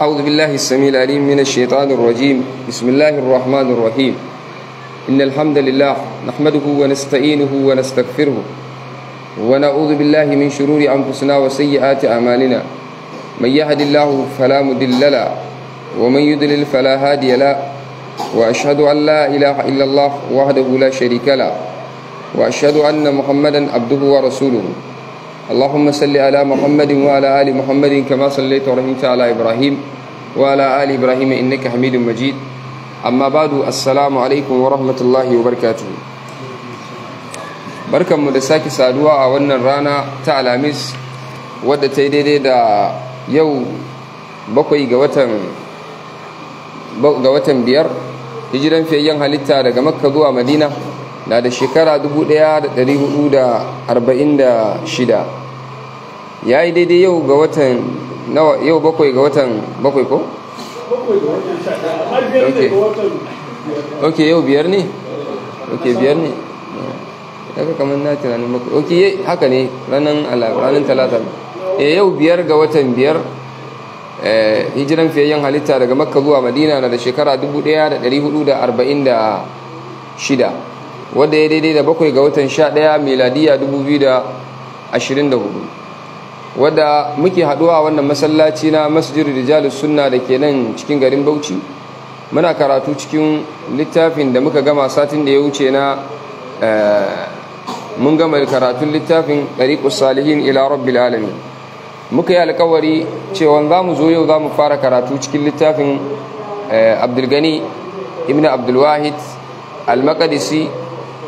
أعوذ بالله السميع العليم من الشيطان الرجيم بسم الله الرحمن الرحيم إن الحمد لله نحمده ونستعينه ونستغفره ونعوذ بالله من شرور أنفسنا وسيئات أعمالنا من يهد الله فلا مضل له ومن يضلل فلا هادي له وأشهد أن لا إله إلا الله وحده لا شريك له وأشهد أن محمدا عبده ورسوله اللهم صل على محمد وعلى ال محمد كما صليت ورحمت على ابراهيم وعلى ال ابراهيم انك حميد مجيد اما بعد السلام عليكم ورحمه الله وبركاته barkan mu da sake saduwa a wannan rana ta alhamis wadda ta yi daidai da yau bakwai ga watan biyar hijiran fiyayyen halitta daga makka zuwa madina na da shekara 1446 ya yi daidai yau ga watan nawa yau bakwai ga watan bakwai ko? ok yau biyar ne? ok biyar ne? daga kamar na tunanin bakwai ok haka ne ranar talata e yau biyar ga watan biyar eh, hijiran fiyayyen halitta daga makka zuwa madina na da shekara 1446 wadda ya daidai da bakwai ga watan sha ɗaya miladiya dubu biyu da ashirin da wadda muke haduwa a wannan masallaci na masjid rijalus sunna da ke nan cikin garin bauchi muna karatu cikin littafin da muka gama satin da ya wuce na eh, mun gama karatun littafin ɗariƙus salihin ila rabbil alamin muka yi alkawari cewa za mu zo yau za mu fara karatu cikin littafin eh, abdulgani ibn abdulwahid al-maqdisi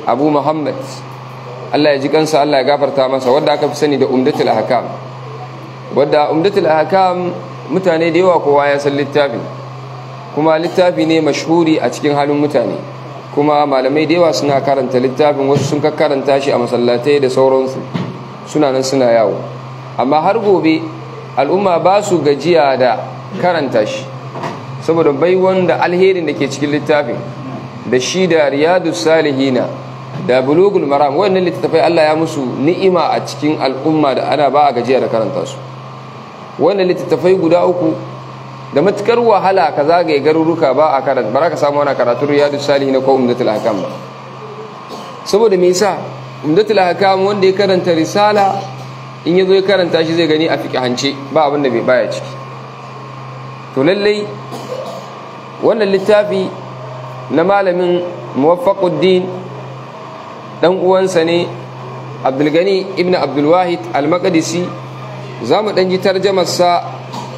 abu muhammad allah ya ji kansa allah ya gafarta masa wadda aka fi sani da umdatul ahkam wadda umdatul ahkam mutane da yawa kowa ya san littafin kuma littafi ne mashuri a cikin halin mutane kuma malamai da yawa suna karanta littafin wasu sun karanta shi a masallatai da sauransu suna nan suna yawo amma har gobe al'umma ba su gajiya da karanta shi saboda bai wanda alherin da ke cikin littafin da shi da riyadu salihina da bulugul maram wannan littattafai Allah ya musu ni'ima a cikin al'umma da ana ba a gajiya da karanta su wannan littattafai guda uku da matukar wahala ka zagaye garuruka ba a karanta ba ka samu wani karatu riyadu salihin ko umdatul hakam ba saboda me yasa umdatul hakam wanda ya karanta risala in yazo ya karanta shi zai gani a fiqhance ba abin da bai baya ciki to lallai wannan littafi na malamin muwaffaquddin dan uwansa ne abdulgani ibn abdulwahid al-maqdisi za mu ɗan ji tarjamarsa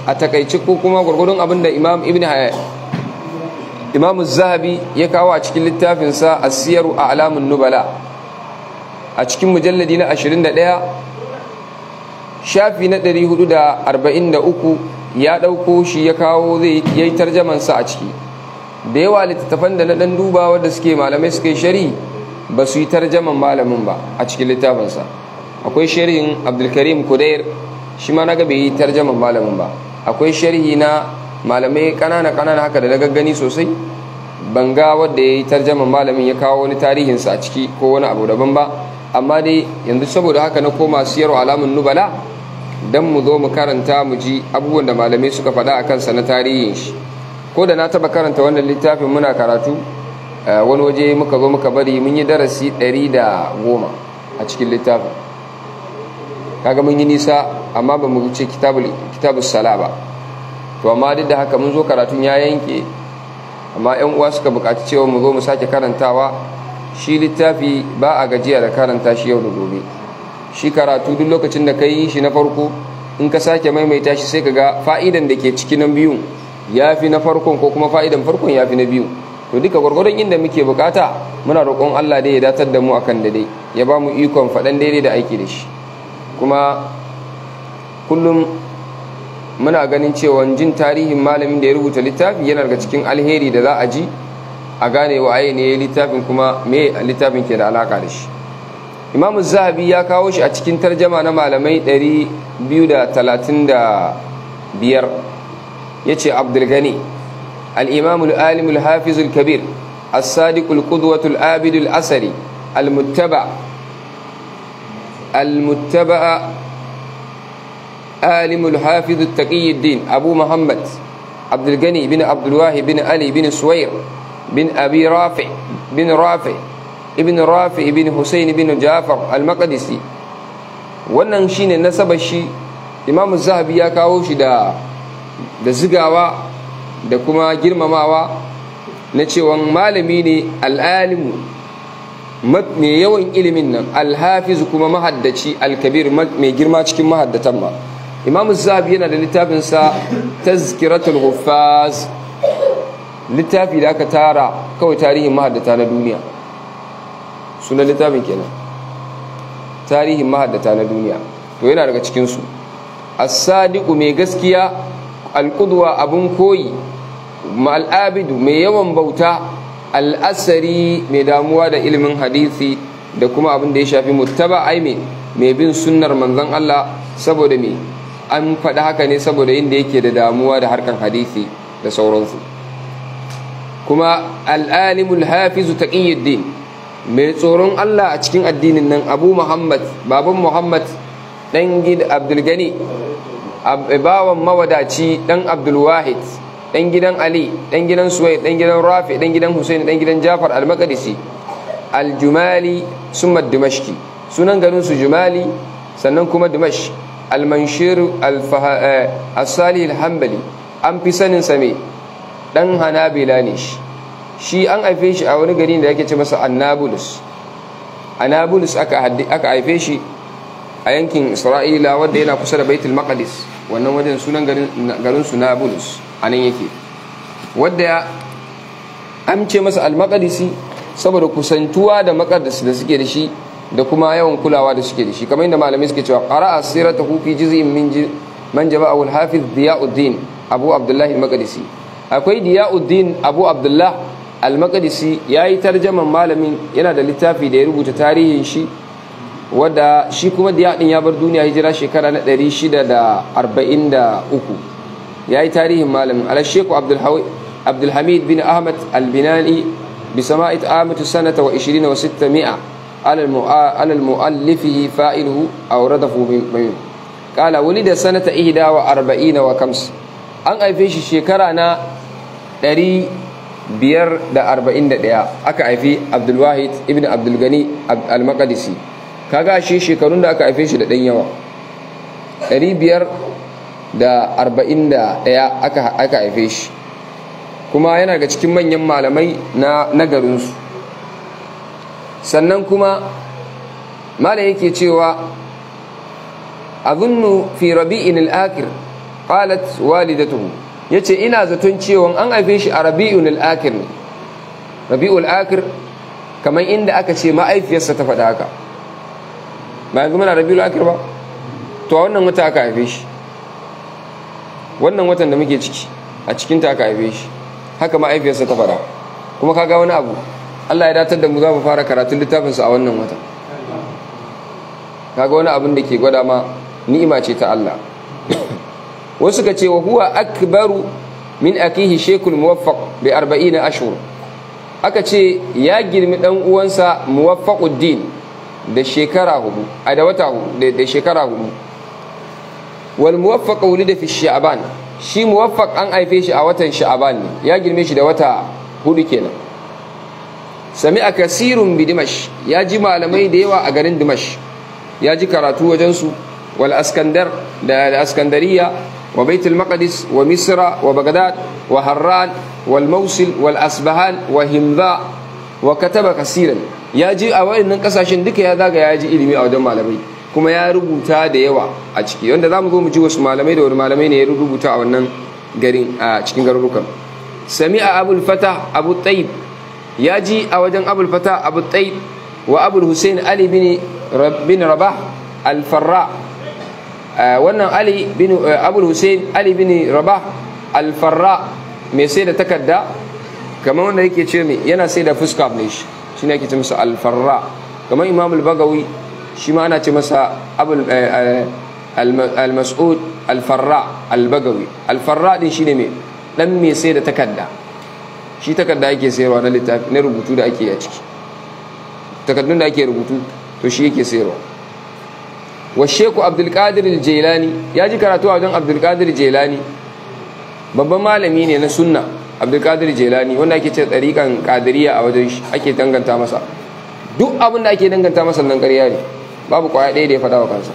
a takaici ko kuma gwargwadon abinda da imam ibn eh, imam zahabi ya kawo a cikin littafinsa a siyaru a alamun nubala a cikin mujalladi na 21 shafi na 443 ya ɗauko shi ya kawo zai yi tarjamansa a ciki da yawa littattafan da na dan duba da suke malamai suke shari'i ba su yi tarjaman malamin ba a cikin littafinsa akwai sharhin abdulkarim kudair shi ma naga bai yi tarjaman malamin ba akwai sharhi na malamai kanana kanana haka da na gaggani sosai ban ga wadda ya yi tarjaman malamin ya kawo wani tarihinsa a ciki ko wani abu daban ba amma dai yanzu saboda haka na koma siyar alamun nubala don mu zo mu karanta mu ji abubuwan da malamai suka faɗa a kansa na tarihin shi ko da na taɓa karanta wannan littafin muna karatu Eh, wani waje muka zo muka bari mun yi darasi 110 a cikin littafin kaga mun yi nisa amma ba mu wuce kitabu sala ba to amma duk da haka mun zo karatun ya yanke amma yan uwa suka bukaci cewa mu zo mu sake karantawa shi littafi ba a gajiya da karanta shi yau da gobe shi karatu duk lokacin da ka yi shi na farko in ka sake maimaita shi sai ka ga fa'idan da ke ciki na biyun ya fi na farkon ko kuma fa'idan farkon ya fi na biyun to duka gwargwadon inda muke bukata muna roƙon Allah dai ya datar da mu akan daidai ya ba mu ikon faɗan daidai da aiki da shi kuma kullum muna ganin cewa jin tarihin malamin da ya rubuta littafi yana daga cikin alheri da za a ji a gane wa aye ne littafin kuma me littafin ke da alaka da shi imam zahabi ya kawo shi a cikin tarjama na malamai 235 ya ce abdulgani الإمام العالم الحافظ الكبير الصادق القدوة العابد الأثري المتبع المتبع عالم الحافظ التقي الدين أبو محمد عبد الغني بن عبد الواهي بن علي بن سوير بن أبي رافع بن رافع ابن رافع بن حسين بن جعفر المقدسي wannan shine nasabar shi imamu zahabi ya kawo shi da da zigawa da kuma girmamawa na cewa malami ne al'alimu mai yawan ilimin nan alhafizu kuma mahaddaci alkabir mai girma cikin mahaddatan ma imam zabi yana da littafinsa tazkiratul huffaz littafi da aka tara kawai tarihin mahaddata na duniya sunan littafin kenan tarihin mahaddata na duniya to yana daga cikinsu as-sadiqu mai gaskiya alƙudwa abun koyi al'abidu mai yawan bauta al'asari mai damuwa da ilimin hadisi da kuma abin da ya shafi muttaba aimin mai bin sunnar manzan Allah saboda me an faɗi haka ne saboda inda yake da damuwa da harkar hadisi da sauransu kuma al'alimul hafizu taqiyuddin mai tsoron Allah a cikin addinin nan Abu Muhammad baban Muhammad dan gid Abdulgani Eh, bawan mawadaci dan abdulwahid dan gidan ali dan gidan suwai dan gidan rafi dan gidan husaini dan gidan jafar al-maqdisi al-jumali summa dimashki sunan garin su jumali sannan kuma dimash al-manshir al-salih eh, al-hanbali an fi sanin sa dan hanabila ne shi shi an haife shi a wani gari da yake ce masa annabulus annabulus aka haife shi a yankin isra'ila wadda yana kusa da baitul maqdis wannan wajen sunan garin su nablus a nan yake wadda ya amce masa al-maqdisi saboda kusantuwa da maqdis da suke da shi da kuma yawan kulawa da suke da shi kamar yadda malamai suke cewa qara'a siratahu fi juz'in min man jama'ahu al-hafiz diyauddin abu abdullahi al-maqdisi akwai diyauddin abu abdullah al-maqdisi yayi tarjaman malamin yana da littafi da ya rubuta tarihin shi wadda shi kuma diyaɗin ya bar duniya hijira shekara na 643 ya yi tarihin malamin alasheku abdulhamid bin ahmad albinani bi sama'it amatu sanata wa 26 mi'a alal mu'allifi fa'ilu a radafu bayan kala wani da sanata ihida wa 40 wa kamsu an haife shi shekara na 541 aka haifi abdulwahid ibn abdulgani al-maqdisi kaga shi shekarun da aka haife shi da ɗan yawa 541 aka haife shi kuma yana ga cikin manyan malamai na su sannan kuma malam yake cewa azunnu fi rabi'in al-akhir qalat walidatuhu yace ina zaton cewa an haife shi a rabi'un al-akhir rabi'ul akhir kamar inda aka ce ma'aifiyarsa ta faɗa haka ba yanzu muna rabi akhir ba to a wannan wata aka haife shi wannan watan da muke ciki a cikin ta aka haife shi haka ma'aifiyarsa ta fara kuma kaga wani abu Allah ya datar da mu za mu fara karatun littafinsa a wannan wata kaga wani abin da ke gwada ma ni'ima ce ta Allah wasu ka ce wa huwa akbaru min akihi shekul muwaffaq bi arba'ina ashhur aka ce ya girmi dan uwansa muwaffaquddin da shekara hudu a da wata da shekara hudu wal muwaffaq fi sha'ban shi muwaffaq an haife shi a watan sha'ban ne ya girme shi da wata hudu kenan sami'a kasirun bi dimash ya ji malamai da yawa a garin dimash ya ji karatu wajen su wal askandar da askandariya wa baitul maqdis wa misra wa bagdad wa harran wal mawsil wal asbahan wa himza wa kataba kasiran ya ji a waɗannan kasashen duka ya zaga ya ji ilimi a wajen malamai kuma ya rubuta da yawa a ciki wanda za mu zo mu ji wasu malamai da wani malamai ne ya rubuta a wannan garin a cikin garurukan a abul fata abu tsayib ya ji a wajen abul fata abu tsayib wa abul hussein ali bin Raba alfarra wannan ali bin abul hussein ali bin Raba alfarra mai sai da takarda kamar wanda yake ce mai yana sai da fuska ne shi shi ne ake ce masa alfarra kamar imam al-bagawi shi ma ana ce masa eh, eh, al-mas'ud alfarra al-bagawi alfarra din shi ne mai dan mai sai da takarda shi takarda ake sayarwa na littafi na rubutu da ake a ciki takardun da ake rubutu to shi yake sayarwa wa sheku abdulkadir al-jailani ya ji karatu a wajen abdulkadir jailani babban malami ne na sunna abdulkadir jelani wanda ake ce tsarikan kadiriya a wajen shi ake danganta masa duk abin da ake danganta masa nan ƙarya ne babu kwaya ɗaya da ya faɗa wa kansa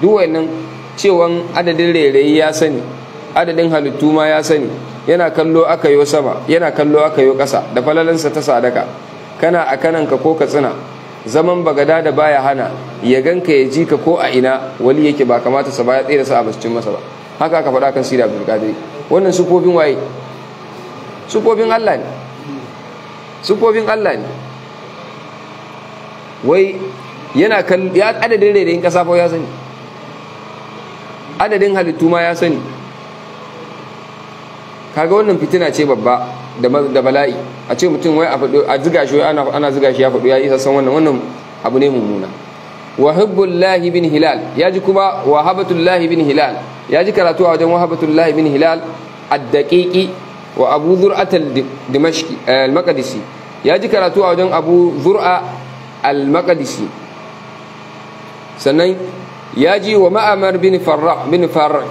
duk wannan cewan adadin rairayi ya sani adadin halittu ma ya sani yana kallo aka yo sama yana kallo aka yo ƙasa da falalansa ta sadaka kana a kananka ko ka tsina zaman bagada da baya hana ya ganka ya ji ka ko a ina wali yake ba kamata sa baya ya tsere sa a bascin masa ba haka aka faɗa kan sida abdulkadir wannan sufofin waye sufofin Allah ne sufofin Allah ne wai yana kan ya adadin rairayin yin fa ya sani adadin halittu ma ya sani kaga wannan fitina ce babba da bala'i a ce mutum wai a ziga shi ana ziga shi ya faɗo ya isa san wannan wannan abu ne mummuna wahibbullah bin hilal ya ji kuma wahabatullah bin hilal ya ji karatu a wajen wahabatullah bin hilal addaqiqi wa abu zur'at al-dimashqi eh, ya ji karatu a wajen abu zur'a al-maqdisi sannan ya ji wa ma'amar bin farrah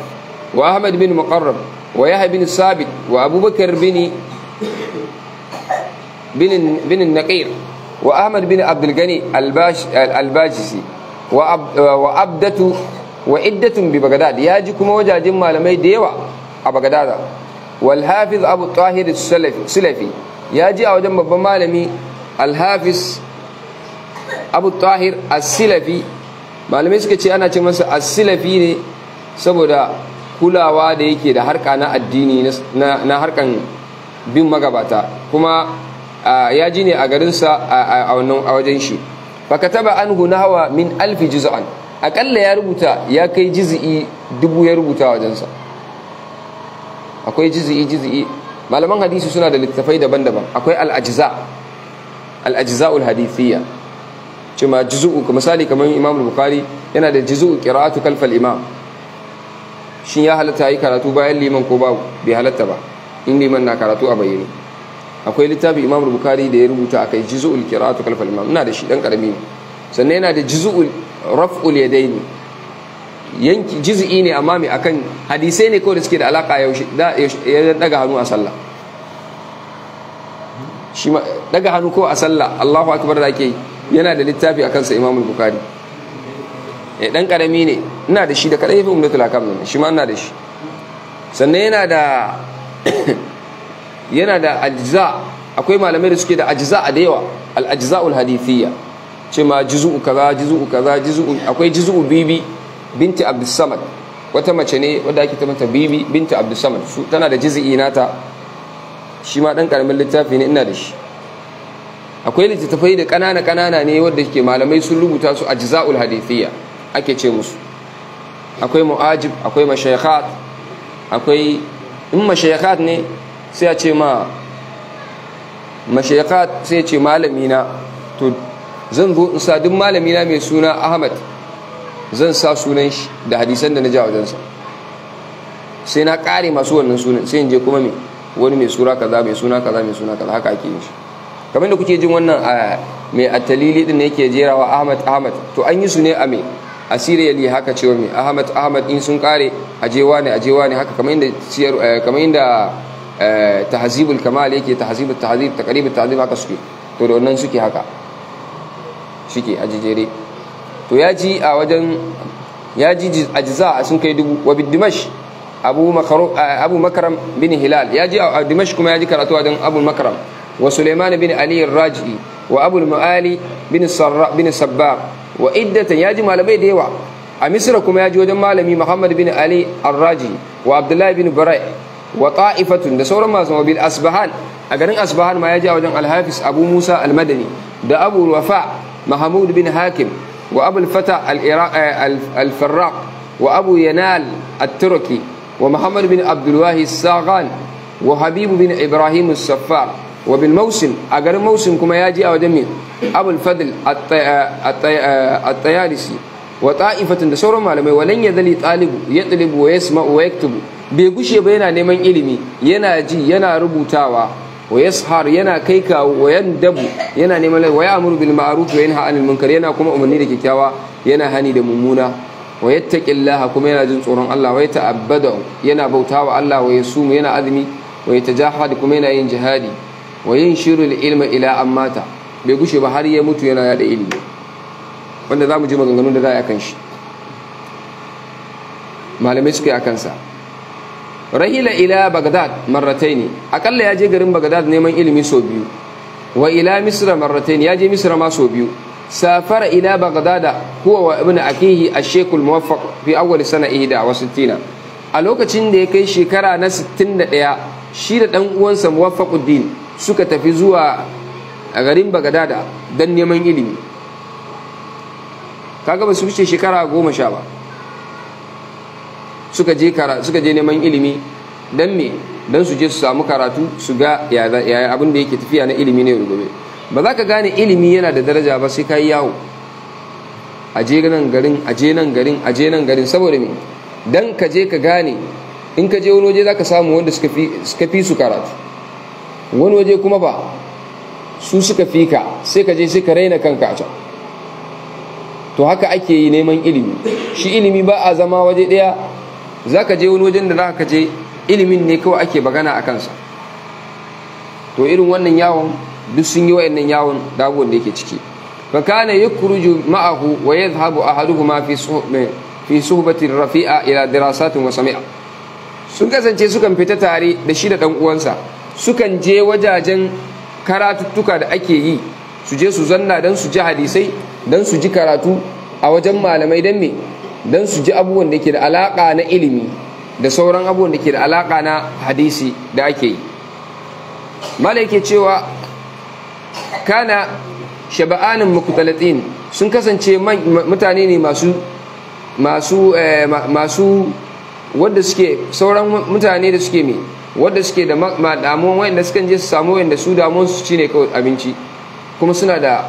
wa ahmad bin muqarrab wa yahya bin sabit wa abubakar bin wa ahmad bin wa abdatu wa iddatun bi bagdad ya ji kuma wajajen malamai da yawa a bagdad wal hafiz abu tahir sulafi ya ji a wajen babban malami al hafiz abu tahir as-silafi malamai suka ce ana ce masa as-silafi ne saboda kulawa da yake da harka na addini na harkan bin magabata kuma ya ji ne a garinsa a wajen shi fakataba anhu hawa min alfi juz'an akalla ya rubuta ya kai juz'i dubu ya rubuta wajensa akwai juz'i juz'i malaman hadisi suna da littafai daban-daban akwai al-ajza al-ajza'ul hadithiyya juz'u misali kamar Imam Bukhari yana da juz'u qira'atu kalfal imam shin ya halatta yi karatu bayan liman ko babu bai halatta ba in liman na karatu a bayyane akwai littafi imam bukari da ya rubuta akai jizu'ul qira'atu kalfal imam ina da shi dan karami ne sannan yana da jizu'ul raf'ul yadaini yanki Jizu'i ne amma mai akan hadisai ne kawai da suke da alaka yaushe ya daga hannu a sallah shi ma daga hannu ko a sallah Allahu akbar da ke yana da littafi akan sa imam bukari eh dan karami ne ina da shi da kadai fi umdatul akam shi ma ina da shi sannan yana da yana da ajza akwai malamai da suke da ajza a da yawa al-ajza'ul hadithiyya ce ma juz'u kaza juz'u kaza juz'u akwai juz'u bibi binti abdus samad wata mace ne wadda ake ta mata bibi binti abdus samad tana da juz'i nata shi ma dan karamin littafi ne ina da shi akwai littattafai da kanana kanana ne wadda ke malamai sun rubuta su ajza'ul hadithiyya ake ce musu akwai mu'ajib akwai mashayikhat akwai in mashayikhat ne sai a ce ma mashaikat sai ce malamina to zan zo in sa duk malamina mai suna ahmad zan sa sunan shi da hadisan da na ja wajensa sai na kare masu wannan sunan sai in je kuma mai wani mai sura kaza mai suna kaza mai suna kaza haka ake yin shi kamar da kuke jin wannan a mai atalili din yake jerawa ahmad ahmad to an yi su ne a mai a siriyali haka cewa me ahmad ahmad in sun kare ajewa ne ajewa ne haka kamar inda eh, kamar inda Eh, tahzibul kamal yake tahzibul tahzib taqribul tahzib haka suke to da wannan suke haka shike a jijere to ya ji a wajen ya ji ajza sun kai dubu wa Dimash abu makaram eh, abu makaram bin hilal ya ji a dimash kuma ya ji karatu a wajen abu makaram wa suleiman bin ali raji wa abu muali bin sarra bin sabbar wa iddatan ya ji malamai da yawa a misra kuma ya ji wajen malami muhammad bin ali arraji wa abdullahi bin bara'i وطائفة ده سورة ما اسمه بالأسبهان أقرن أسبهان ما يجا وجن الحافظ أبو موسى المدني ده أبو الوفاء محمود بن هاكم وأبو الفتى آه، الفراق وأبو ينال التركي ومحمد بن عبد الواهي الساغان وحبيب بن إبراهيم السفار وبالموسم أجر موسم كما يجي أو دمي أبو الفضل آه، آه، الطيارسي وطائفة دسور ما لم ولن يذلي طالب يطلب ويسمع ويكتب bai gushe ba yana neman ilimi yana ji yana rubutawa wa yashar yana kai kawo wa dabu yana neman wa amuru bil ma'ruf wa yanha 'anil munkar yana kuma umarni da kyakkyawa yana hani da mummuna wa yattaqillaha kuma yana jin tsoron Allah wa abada yana bautawa Allah wa yasumu yana azumi wa yatajahadu kuma yana yin jihadi wa yin al ilma ila ammata bai gushe ba har ya mutu yana yada ilimi wanda zamu ji maganganun da za a kan shi malamai suka yi a kansa rahila ila bagdad marataini akalla ya je garin bagdad neman ilimi sau biyu wa ila misra marataini ya je misra ma sau biyu safara ila bagdad huwa wa ibnu akihi ash-shaykh al-muwaffaq fi awwal sana 61 a lokacin da ya kai shekara na 61 shi da dan uwansa muwaffaquddin suka tafi zuwa a garin bagdad dan neman ilimi kaga ba su wuce shekara goma sha ba suka je suka je neman ilimi dan me dan su je su samu karatu su ga yaya abin da yake tafiya na ilimi ne rugume ba za ka gane ilimi yana da daraja ba sai ka yi yawo a je nan garin a je nan garin a je nan garin saboda me dan ka je ka gane in ka je wani waje za ka samu wanda suka fi su karatu wani waje kuma ba su suka fi ka sai ka je sai ka raina kanka a can to haka ake yi neman ilimi shi ilimi ba a zama waje ɗaya za ka je wani wajen da za ka je ilimin ne kawai ake bagana a kansa to irin wannan yawon duk sun yi wa'annan yawon dabuwan da yake ciki fa kana yakhruju ma'ahu wa a ahaduhuma fi fi suhbatin rafi'a ila dirasatin wa sami'a sun kasance sukan fita tare da shi da dan sukan je wajajen karatuttuka da ake yi su je su zanna dan su ji hadisai dan su ji karatu a wajen malamai dan me don su ji abubuwan da ke da alaƙa na ilimi da sauran abubuwan da ke da alaƙa na hadisi da ake yi mala yake cewa kana shaba'anin makutalatin sun kasance mutane ne masu masu eh, masu wadda suke sauran mutane da suke mai wadda suke da damuwan wayanda sukan je su samu wayanda su damuwan su shine kawai abinci kuma suna da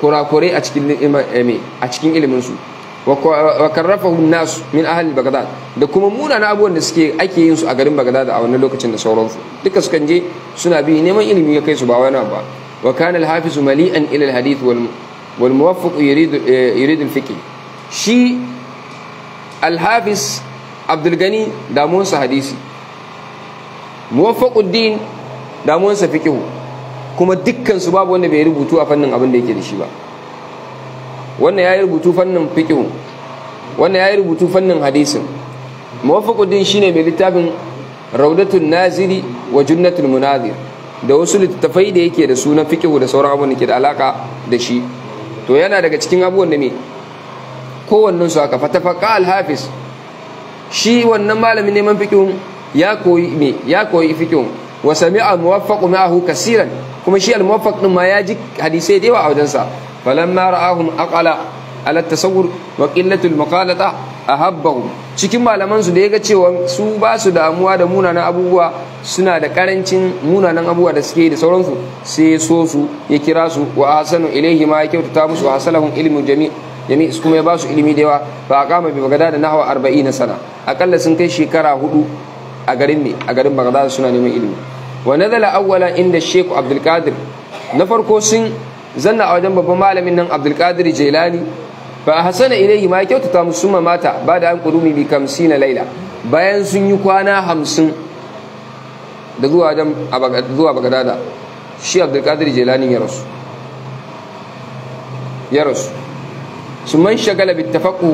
kurakurai a cikin eh, eh, ilimin su wa karrafahu nas min ahli bagdad da kuma na abubuwan da suke ake yin su a garin bagdad a wannan lokacin da sauransu duka sukan je suna bi neman ilimi ya kai su ba wani ba wa kana al-hafiz mali'an ila al-hadith wal wal muwaffiq yurid eh, yurid al-fiqh shi al-hafiz abdul gani sa hadisi mun sa fiqh kuma dukkan su babu wanda bai rubutu a fannin abin da yake da shi ba wannan ya yi rubutu fannin fiƙin wannan ya yi rubutu fannin hadisin mawafakudin shi ne mai littafin raudatun naziri wa junnatul munazir da wasu littattafai da yake da su na da sauran abubuwan da ke da alaƙa da shi to yana daga cikin abubuwan da ne kowannen su aka fatafaqa al shi wannan malamin neman fiƙihun ya koyi me ya koyi fiƙihun wa sami'a muwaffaqu ma'ahu kasiran kuma shi al-muwaffaq din ma ya ji hadisai da yawa a wajensa falamma ra'ahum aqala ala tasawur wa qillatul maqalata cikin malaman su da ga cewa su ba su damuwa da munanan abubuwa suna da karancin munanan abubuwa da suke da sauransu sai so su ya kira su wa ahsanu ilaihi ma kyautata musu wa hasalahum ilmu jami' kuma ya ba su ilimi da yawa fa aqama bi bagdad nahwa 40 sana akalla sun kai shekara hudu a garin ne a garin bagdad suna neman ilimi wa nazala awwala inda sheikh abdul qadir na farko sun zanna a wajen babban malamin nan abdulkadir jailani ba a hasana ilai ma kyautata musu mata ba da an kurumi bi kamsi na laila bayan sun yi kwana hamsin da zuwa wajen zuwa bagadada shi abdulkadir jailani ya rasu ya rasu su man shagala bi tafakku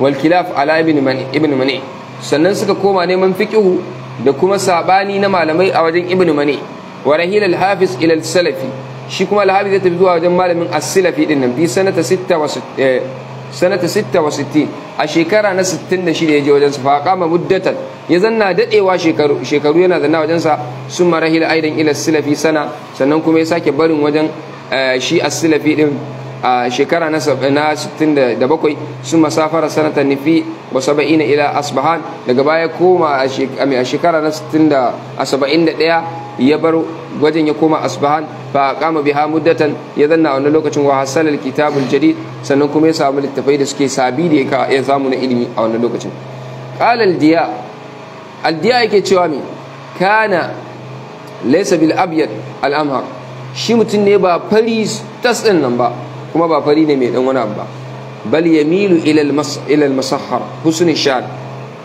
wal kilaf ala ibn mani sannan suka koma neman fiqihu da kuma sabani na malamai a wajen ibn mani wa rahila al hafiz ila al salafi shi kuma lahabi zai tafi zuwa wajen malamin asilafi din nan bi sanata sitta wa eh, sanata 66 a shekara na 66 ya je wajensa fa ma muddatan ya zanna dadewa shekaru shekaru yana zanna wajensa sun marahil aidan ila silafi sana sannan kuma ya sake barin wajen eh, shi as-silafi din a shekara na 67 sun masafara sanatan nifi wa saba'ina ila asbahan daga baya koma a shekara na 60 da 71 ya bar gwajin ya koma asbahan fa kama biha muddatan ya zanna a wannan lokacin wa hasala alkitabul jadid sannan kuma ya samu littafai da suke sabi da ya samu na ilimi a wannan lokacin qala aldiya aldiya yake cewa me kana laysa bil abyad al amhar shi mutum ne ba fari tas din nan ba kuma ba fari ne mai dan wani abu ba bal yamilu ila al mas ila al husn shan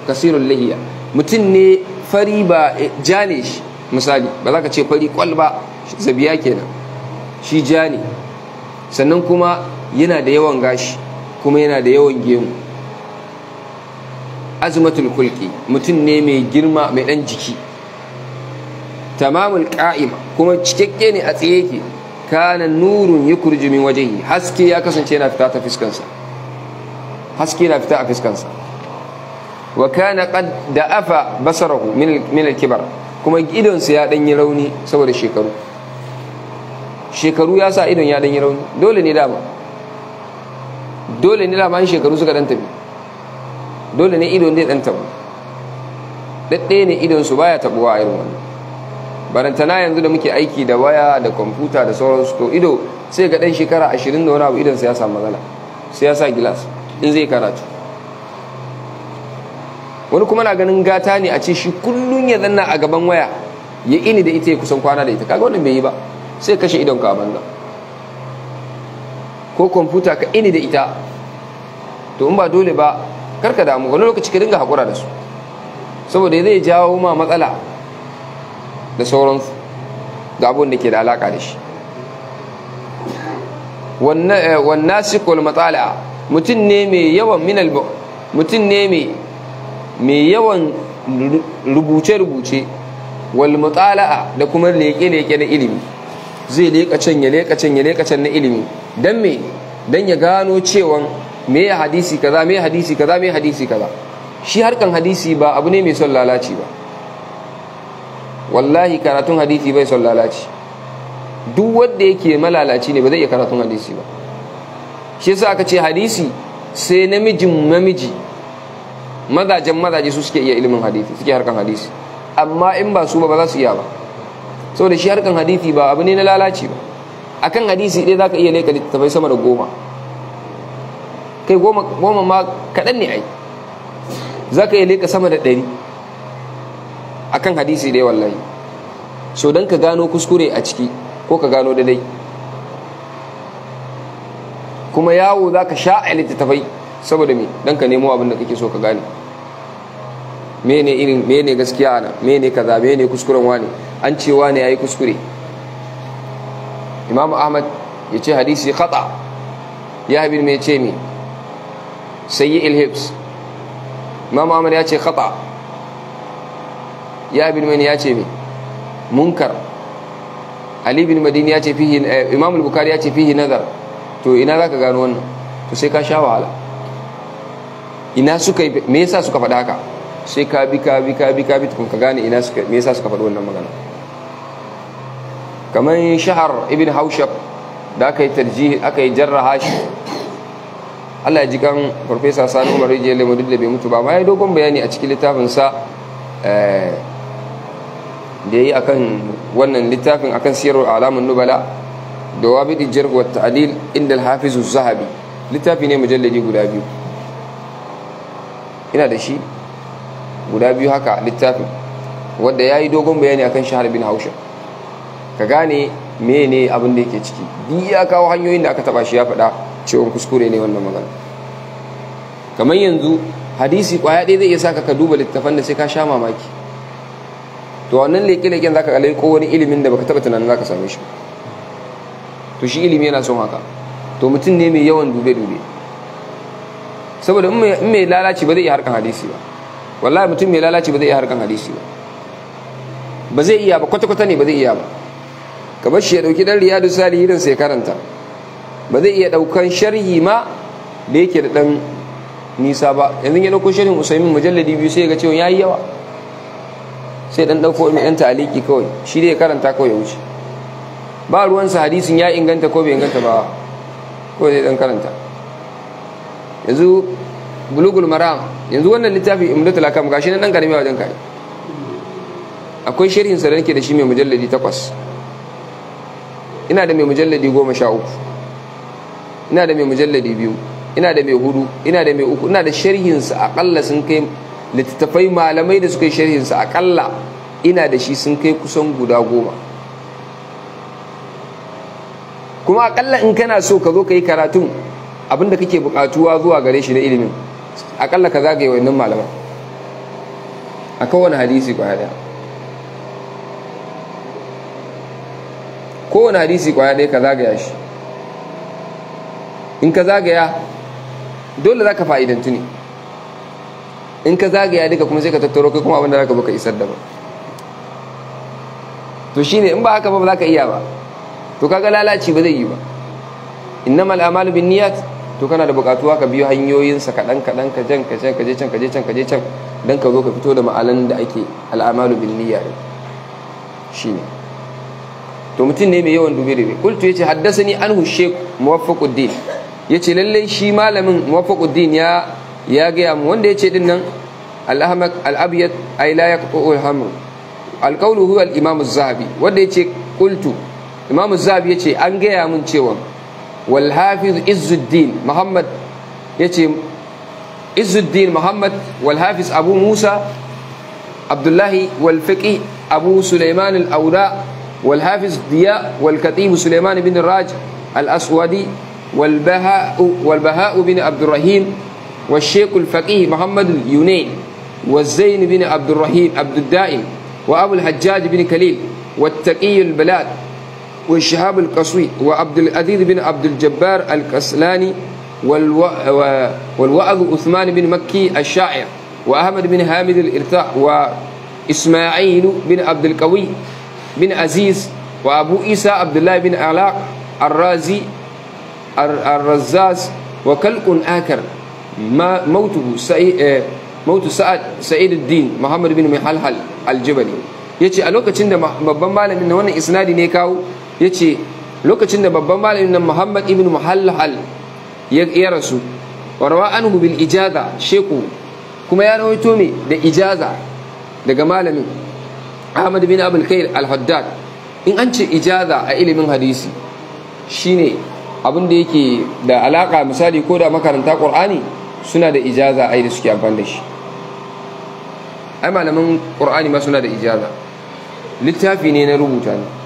kasirul lihiya mutum ne fari ba janish misali ba za ka ce fari kwal ba zabiya kenan shi ja ne sannan kuma yana da yawan gashi kuma yana da yawan gemu azmatul kulki mutum ne mai girma mai ɗan jiki tamamul ka'ima kuma cikakke ne a tsaye ke. kana nurun yukurju min wajhi haske ya kasance yana fita ta fiskansa haske yana fita a fiskansa wa kana qad da'afa basarahu min al-kibar kuma idonsu ya ɗanyi rauni saboda shekaru shekaru ya sa idon ya ɗanyi rauni dole ne dama dole ne dama shekaru suka ɗan tafi dole ne idon zai ɗan tabu ɗaɗɗe ne idonsu baya tabuwa a irin wannan barantana yanzu da muke aiki da waya da kwamfuta da sauransu to ido sai ga ɗan shekara ashirin da wani abu idonsa ya samu matsala sai ya sa gilas in zai karatu wani kuma na ganin gata ne a ce shi kullum ya zanna a gaban waya ya ini da ita ya kusan kwana da ita kaga wannan bai yi ba sai kashe idon ka banza ko kwamfuta ka ini da ita to in ba dole ba karka damu wani lokaci ka dinga haƙura da su saboda zai jawo ma matsala da sauransu da abin da ke da alaƙa da shi wannan eh, sikul matsala mutum ne mai yawan minal mutum ne mai mai yawan rubuce-rubuce wal mutala'a da kuma leke-leke na ilimi zai leƙa can ya leƙa can ya leƙa can na ilimi don me don ya gano cewan me ya hadisi kaza me hadisi kaza me hadisi kaza shi harkan hadisi ba abu ne mai son lalaci ba wallahi karatun hadisi bai son lalaci duk wanda yake malalaci ne ba zai iya karatun hadisi ba shi yasa aka ce hadisi sai namijin mamiji. mazajen mazaje su suke iya ilimin hadisi suke harkan hadisi amma in ba su ba ba za su iya ba saboda shi harkan hadisi ba abu ne na lalaci ba akan hadisi ɗaya zaka iya leka littattafai sama da goma kai goma ma kaɗan ne ai za ka iya leka sama da ɗari akan hadisi ɗaya wallahi so don ka gano kuskure a ciki ko ka gano daidai kuma yawo za ka sha a littattafai saboda me dan ka nemo abin da kake so ka gane mene irin mene gaskiya ana mene kaza mene kuskuren wani an ce wani yayi kuskure imamu ahmad ya ce hadisi khata ya habin mai ce mi sayi ilhibs imamu ahmad ya ce khata ya habin mai ya ce mi munkar ali bin madini ya ce fihi eh, imamu bukari ya ce fihi nazar to ina za ka gano wannan to sai ka sha wahala ina suka yi me yasa suka faɗa haka sai ka bi ka bi ka bi ka bi tukun ka gane ina suka me yasa suka faɗi wannan magana kamar shahar ibn haushab da aka yi tarjihi aka yi jarraha shi Allah ya ji kan Profesa Sani Umar Rijiyar Lemo duk da bai mutu ba dogon bayani a cikin littafinsa eh, da ya yi akan wannan littafin akan siyarwar alamun nubala da wabi wa inda al zahabi littafi ne mujalladi guda biyu ina da shi guda biyu haka littafin wadda ya yi dogon bayani akan shahar bin haushe ka gane mene abin da yake ciki duk ya kawo hanyoyin da aka taba shi ya faɗa cewa kuskure ne wannan magana kamar yanzu hadisi kwaya ɗaya zai iya saka ka duba littafan da sai ka sha mamaki to wannan leƙe-leƙen za ka kalai ko wani ilimin da baka taɓa tunanin za ka same shi to shi ilimi yana son haka to mutum ne mai yawan dube-dube saboda in mai lalaci ba zai iya harkan hadisi ba wallahi mutum mai lalaci ba zai iya harkan hadisi ba ba zai iya ba kwata-kwata ne ba zai iya ba ka bar shi ya dauki dan riyadu salihin sai karanta ba zai iya daukan sharhi ma da yake da dan nisa ba yanzu ya dauko sharhin usaimin mujalladi biyu sai ga cewa yayi yawa sai dan dauko mai yan ta'aliki kawai shi dai ya karanta kawai ya wuce ba ruwansa hadisin ya inganta ko bai inganta ba kawai zai dan karanta yanzu bulugul maram yanzu wannan littafi imdatul akam gashi nan dan karami wajen kai akwai sharhin sa da nake da shi mai mujalladi takwas ina da mai mujalladi goma sha uku ina da mai mujalladi biyu ina da mai hudu ina da mai uku ina da sharhin sa akalla sun kai littafai malamai da suka yi sharhin sa akalla ina da shi sun kai kusan guda goma kuma akalla in kana so ka zo ka yi karatun abinda kake bukatuwa zuwa gare shi na ilimin akalla ka zagaye wannan malaman a kowane hadisi kwaya daya kowane hadisi kwaya daya ka zagaya shi in ka zagaya dole za ka fa'idantu ne in ka zagaya duka kuma sai ka tattaro kai kuma abinda za ka baka isar da ba to shi ne in ba haka ba za ka iya ba to kaga lalaci ba zai yi ba innamal amalu bin niyat to kana da bukatuwa ka biyo hanyoyinsa kaɗan kaɗan ka jan ka jan ka je can ka je can ka je can don ka zo ka fito da ma'alan da ake al'amalu bin niyya shi ne to mutum ne mai yawan dubi dube kultu ya ce haddasa ni an hushe muwaffaquddin yace lalle lallai shi malamin muwaffaquddin ya ya gaya mu wanda ya ce din nan al'ahmak al'abiyat ay la yaqtu al-hamr al-qawlu huwa al-imam az-zahabi wanda ya ce kultu imam az-zahabi ya ce an gaya mun cewa wal hafiz izzuddin muhammad yace izzuddin muhammad wal hafiz abu musa abdullahi wal abu sulaiman al awda wal hafiz diya bin raj al aswadi wal baha wal baha bin abdurrahim wal shaykh والزين بن عبد الرحيم عبد الدائم وأبو الحجاج بن كليل والتقي البلاد والشهاب القصوي وعبد العزيز بن عبد الجبار الكسلاني والوأذ عثمان بن مكي الشاعر وأحمد بن حامد الإرتاع وإسماعيل بن عبد القوي بن عزيز وأبو عيسى عبد الله بن علاء الرازي الرزاز وكلق آخر ما موته سعيد آه، موت سعد سعيد الدين محمد بن محلحل الجبلي يجي a lokacin da babban من na wannan نيكاو ya ce lokacin da babban malamin nan muhammad ibn muhallahal ya rasu warwa an bil ijaza sheku kuma ya rawaito ne da ijaza daga malamin ahmad bin abul khair al-haddad in an ce ijaza a ilimin hadisi shine abin da yake da alaka misali ko da makaranta qur'ani suna da ijaza a da suke amfani da shi ai malamin qur'ani ma suna da ijaza littafi ne na rubuta ne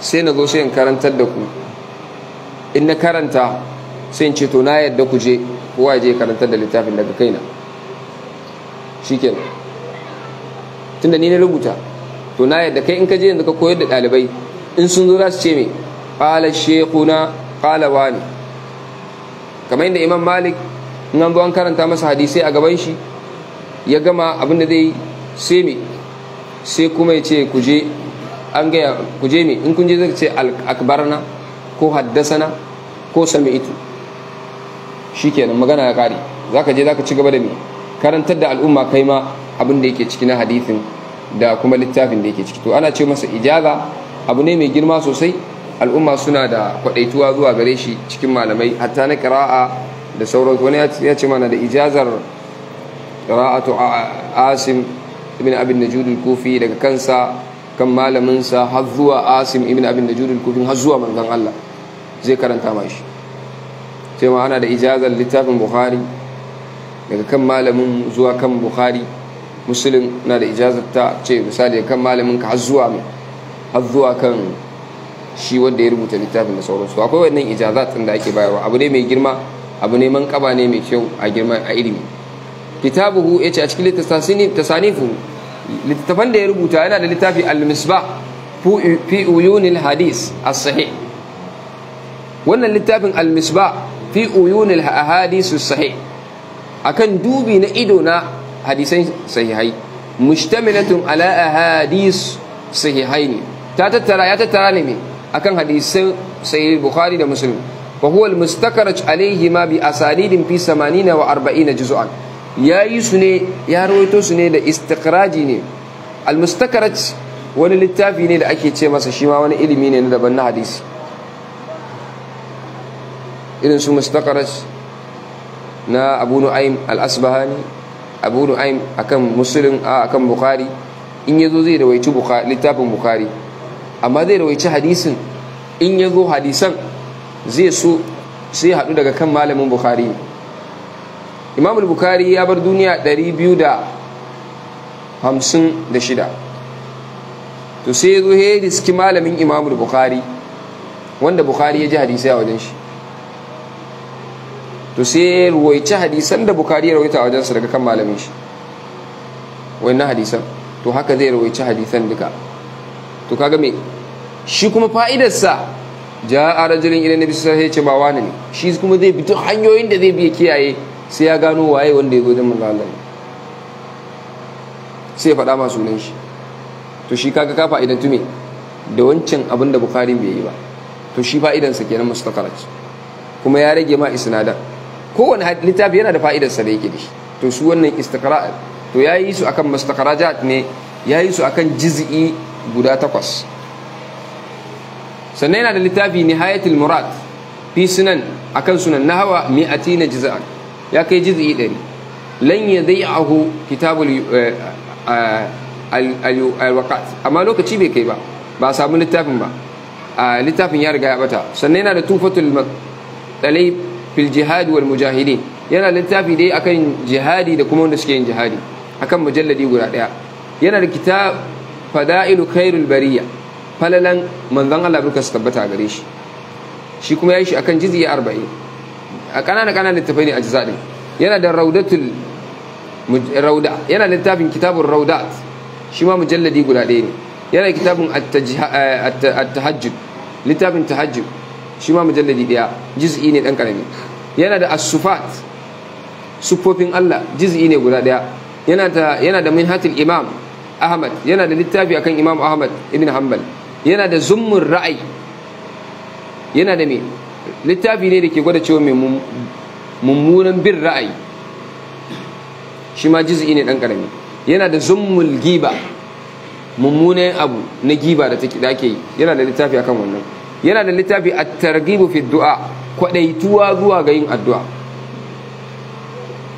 sai na zo sai in karantar da ku in na karanta sai in ce to na yadda ku je kowa je karantar da littafin daga kaina Shiken, tunda ni na rubuta to na yadda kai in ka je yanzu ka koyar da ɗalibai in sun zo za su ce me qala shaykhuna qala wani kamar yadda imam malik in an zo an karanta masa hadisai a gaban shi ya gama abin da zai sai me sai kuma ya ce ku je an gaya ku je me in kun je zai ce akbarna ko haddasana ko sami shi kenan magana ya kare ka je za ka ci gaba da me karantar da al'umma kai ma abin da yake ciki na hadithin da kuma littafin da yake ciki to ana ce masa ijaza abu ne mai girma sosai al'umma suna da kwadaituwa zuwa gare shi cikin malamai hatta na qira'a da sauran wani ya ce mana da ijazar qira'atu asim ibn abin najud al-kufi daga kansa kan malaminsa har zuwa asim ibn abin da judul kufin har zuwa manzan Allah zai karanta ma shi sai ma ana da ijazar littafin bukhari daga kan malamin zuwa kan bukhari musulun na da ijazar ta ce misali kan malamin ka har zuwa mai. har zuwa kan shi wanda ya rubuta littafin da sauransu akwai wannan tun da ake bayarwa abu ne mai girma abu ne man kaba ne mai kyau a girma a ilimi kitabuhu yace a cikin littafin tasanifu littattafan da ya rubuta yana da littafi al-misbah fi uyunil hadis as-sahih wannan littafin al-misbah fi uyunil hadis as-sahih akan dubi na ido na hadisai sahihai mushtamilatun ala ahadis sahihai ne ta tattara ya tattara ne me akan hadisan sahih bukhari da muslim wa huwa al-mustakaraj alayhi ma bi asanidin fi 80 wa 40 juz'an ya yi su ne ya rawaito su ne da istikraji ne almustakaraj wani littafi ne da ake ce masa shi ma wani ilimi ne na daban na hadisi irin su mustakaraj na abu nu'aim al-asbahani abu nu'aim akan musulun a akan bukari in yazo zai rawaici littafin bukari amma zai rawaici hadisin in yazo hadisan zai so sai haɗu daga kan malamin bukari imam Bukari ya bar duniya 256 to sai ya zo ya riski malamin imam Bukari. wanda Bukari ya ji hadisai a wajen shi to sai ya ruwaici hadisan da Bukari ya rawaita a wajensa daga kan malamin shi wannan hadisan to haka zai ruwaici hadisan duka to kaga me shi kuma fa'idarsa ja'a rajulin ila nabi sallallahu alaihi wasallam ya ce ba wani ne shi kuma zai bi hanyoyin da zai bi kiyaye sai ya gano waye wanda ya gojin manzo Allah sai ya faɗa ma sunan shi to shi kaga ka idan tume da wancan abin da bukari bai yi ba to shi fa'idansa kenan mustaqarat kuma ya rage ma isnadan kowane littafi yana da fa'idarsa da yake da shi to su wannan istiqra to ya yi su akan mustaqarajat ne ya yi su akan jiz'i guda takwas sannan yana da littafi nihayatul murad fi sunan akan sunan nahawa mi'ati na jiz'an ya kai juz'i ɗari lan ya zai ahu kitabul eh, alwakat amma lokaci bai kai ba ba a samu littafin ba a littafin ya riga ya bata sannan yana da tufatul matsalai fil jihad wal mujahidin yana littafi dai akan jihadi da kuma wanda suke yin jihadi akan mujalladi guda ɗaya. yana da kitab fada'ilu khairul bariya falalan manzon Allah burka su tabbata gare shi shi kuma yayi shi akan jizya arba'in. a ƙananan ƙananan littafai ne a jiza ɗin yana da raudatul rauda yana littafin kitabun raudat shi ma mujalladi guda ɗaya ne yana kitabun eh, at-tahajjud littafin tahajjud shi ma mujalladi ɗaya juz'i ne ɗan ƙarami yana da as-sufat sufofin Allah juz'i ne guda ɗaya yana da yana da minhatul imam Ahmad yana da littafi akan Imam Ahmad ibn Hanbal yana da zummur ra'ayi yana da me littafi ne da ke gwada cewa mai mummunan bin ra'ayi shi ma jiz'i ne dan karami yana da zummul giba mummunan abu na giba da ake yi yana da littafi akan wannan yana da littafi a targibu fi du'a kwadaituwa zuwa ga yin addu'a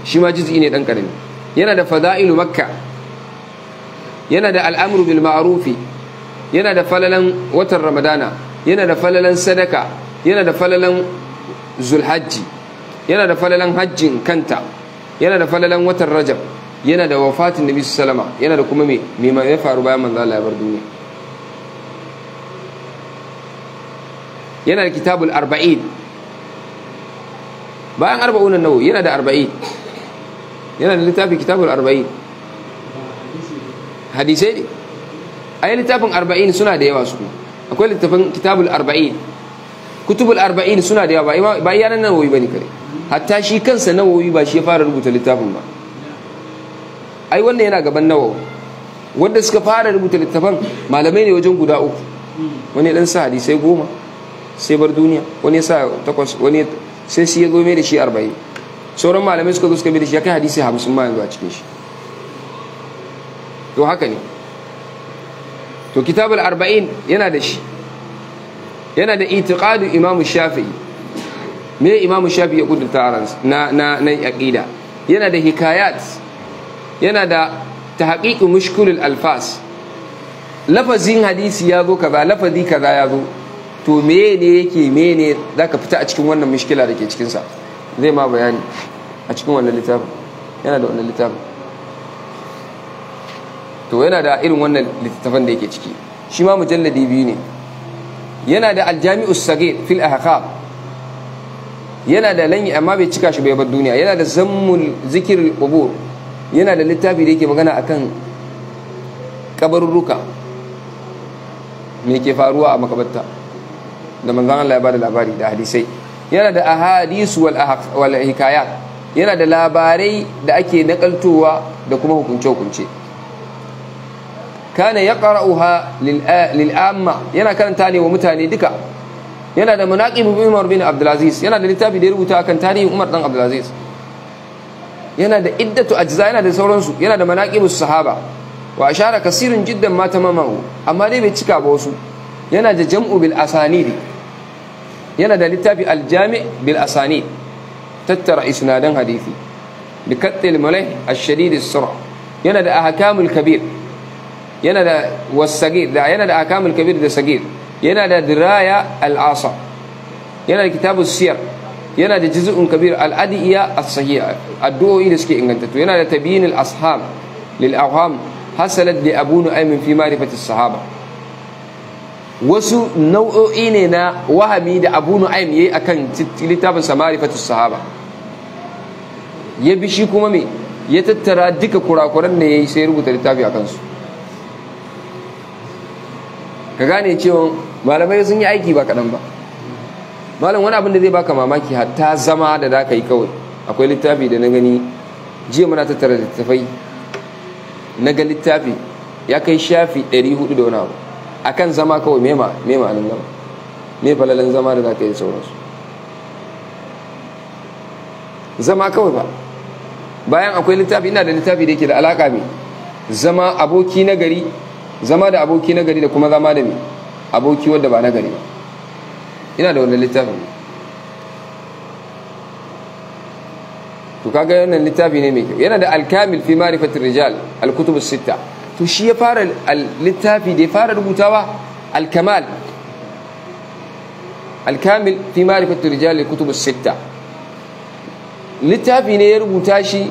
shi ma jiz'i ne dan karami yana da fada'ilu makka yana da al'amuru bil ma'rufi yana da falalan watan ramadana yana da falalan sadaka yana da falalan zulhajji yana da falalan hajjin kanta yana da falalan watan rajab yana da wafatin nabi salama yana da kuma me me ya faru bayan manzo Allah ya bar duniya yana da kitabul arba'in bayan arba'un nawawi yana da arba'in yana da littafin kitabul arba'in hadisai ne ai littafin arba'in suna da yawa su akwai littafin kitabul arba'in kutubul arba'in suna da yawa ba iya nan nawawi bane kare hatta shi kansa nawawi ba shi ya fara rubuta littafin ba ai wannan yana gaban nawawi wanda suka fara rubuta littafan malamai ne wajen guda uku wani dan sa hadisai goma sai bar duniya wani ya sa takwas wani sai shi ya zo mai da shi arba'in sauran malamai suka zo suka mai da shi ya kai hadisi hamsin ma yanzu a cikin shi to haka ne to kitabul arba'in yana da shi yana da itiqadu imamu shafi me imamu shafi ya kudu taron na na na aqida yana da hikayat yana da tahqiqu mushkulul alfas lafazin hadisi ya zo kaza lafazi kaza ya zo to ne yake mene zaka fita a cikin wannan mushkila da ke cikinsa zai ma bayani a cikin wannan littafin yana da wannan littafin to yana da irin wannan littafin da yake ciki shi ma mujalladi biyu ne yana da aljami'us sagir fil ahqab yana da lanyi amma bai cika shi bai bar duniya yana da zammul zikirul qubur yana da littafi da yake magana akan kabarurruka me ke faruwa a makabarta da manzon Allah ya bada labari da hadisai yana da ahadisu wal wal hikayat yana da labarai da ake nakaltowa da kuma hukunce hukunce kana Yakarau lil amma yana karanta ne wa mutane duka yana da munaqib bin Umar bin Abdulaziz yana da littafi da ya rubuta kan tarihin Umar dan Abdulaziz yana da iddatu ajza yana da sauransu yana da munaqibus sahaba wa ashara kasirin jiddan ma tamamahu amma dai bai cika ba wasu yana da jam'u bil asanid yana da littafi al bil asanid tattara isnadan hadisi bi kattil yana da ahkamul kabir yana da wasagir da yana da akamul kabir da sagir yana da diraya al'asa yana da kitabun siyar yana da jizu'un kabir al'adiyya as-sahiha addu'o'i da suke ingantattu yana da tabiyin al lil'awam lil awham hasalat da abu nu'aym fi ma'rifati sahaba wasu nau'o'i ne na wahami da abu nu'aym ya yi littafin kan littafin as-sahaba ya bi shi kuma me ya tattara duka kurakuran da ya yi sai rubuta littafi a kansu. ka gane cewa malamai sun yi aiki ba kaɗan ba malam wani abin da zai baka mamaki hatta zama da za ka yi kawai akwai littafi da na gani jiya muna tattara littafai na ga littafi ya kai shafi 400 da wani abu kan zama kawai mema mema nan gaba mai falalan zama da za ka yi sauransu zama kawai ba bayan akwai littafi ina da littafi da yake da alaƙa mai zama aboki na gari zama da aboki na gari da kuma zama da aboki wanda ba na gari ba ina da wannan littafin to kaga wannan littafi ne mai kyau yana da alkamil fi marifati rijal alkutub sitta to shi ya fara littafi da ya fara rubutawa alkamal alkamil fi marifati rijal alkutub sitta littafi ne ya rubuta shi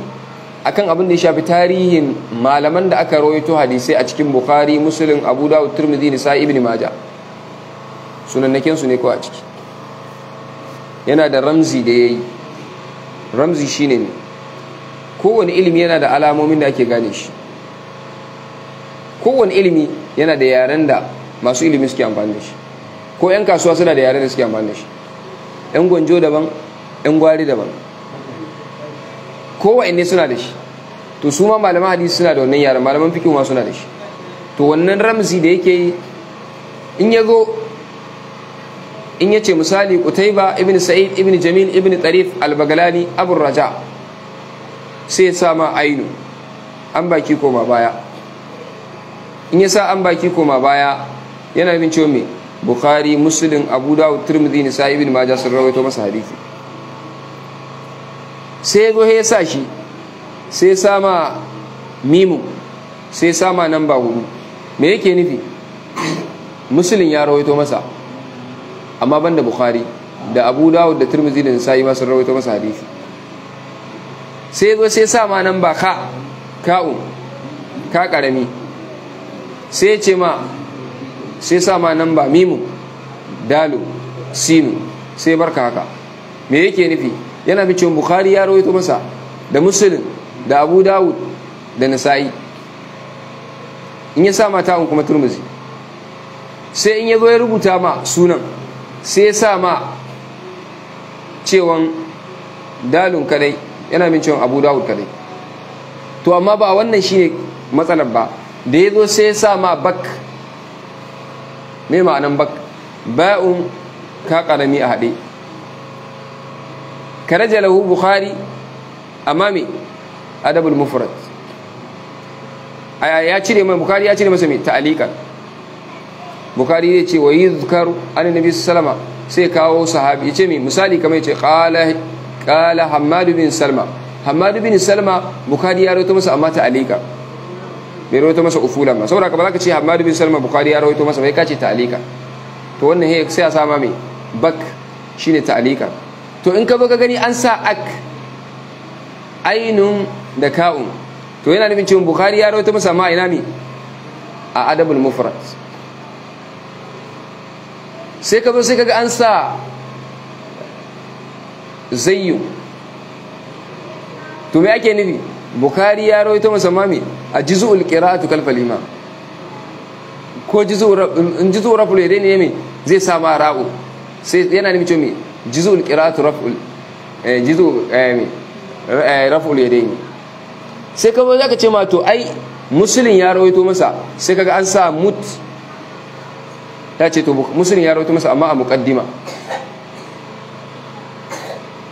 akan abin da ya shafi tarihin malaman da aka rawaito hadisai a cikin bukhari Musulun, abu dawud turmizi nisa ibn maja sunannakin su ne ko a ciki yana da ramzi da ya yi. ramzi shi ne kowane ilimi yana da alamomin da ake gane shi kowane ilimi yana da yaren da masu ilimi suke amfani da shi ko 'yan kasuwa suna da yaren da suke amfani da shi 'yan gwanjo daban 'yan gwari daban kowa ne suna da shi to su ma malaman hadisi suna da wannan yaren malaman fikihu ma suna da shi to wannan ramzi da yake yi in ya zo in ya ce misali kutaiba ibn sa'id ibn jamil ibn tarif albagalani abu raja sai ya sa ma ainu an baki koma baya in ya sa an baki koma baya yana nufin cewa me bukhari muslim abu dawud tirmidhi nisa ibn majah sun rawaito masa hadisi sai ya zo ya sa shi sai sama mimu sai sama nan ba hudu me yake nufi musulun ya rawaito masa amma ban da bukari da abu dawud da turmizi da yi masu rawaito masa hadisi sai ya zo sai sama nan ba ka ka'u ka karami sai ce ma sai sama nan ba mimu dalu sinu sai barka haka me yake nufi yana mai cewa bukhari ya rawaito masa da muslim da abu dawud da nasa'i in ya sa mata in kuma turmuzi sai in ya zo ya rubuta ma sunan sai ya sa ma cewan dalun kadai yana min cewa abu dawud kadai to amma ba wannan shine matsalar ba da ya zo sai ya sa ma bak me ma'anan bak ba'un ka karami a haɗe akhraja lahu bukhari amami adabul mufrad ya cire mai bukhari ya cire masa mai ta'alika bukhari ya ce wa yuzkar annabi sallama sai kawo sahabi ya ce mai misali kamar ya ce qala qala hammad bin salma bukhari ya rawaito masa amma ta'alika bai rawaito masa ufulan ba saboda ba ka ce hammad bin salma bukhari ya rawaito masa bai ka ce ta'alika to wannan sai ya sama mai bak shine ta'alika to in ka zo ka gani an sa ak ainun da ka'un to yana nufin cewa bukhari ya rawaito masa ma ina ne a adabul mufrad sai ka zo sai ga an sa zayyu to me ake nufi bukhari ya rawaito masa ma me a juz'ul qira'atu kal falima ko juz'ul in juz'u raful yadaini ne me zai sa ma ra'u sai yana nufin cewa me juz'ul qira'atu raf'ul eh raf'ul yadayn sai kamar zaka ce ma to ai musulun ya rawaito masa sai kaga an sa mut ta ce to musulun ya rawaito masa amma a muqaddima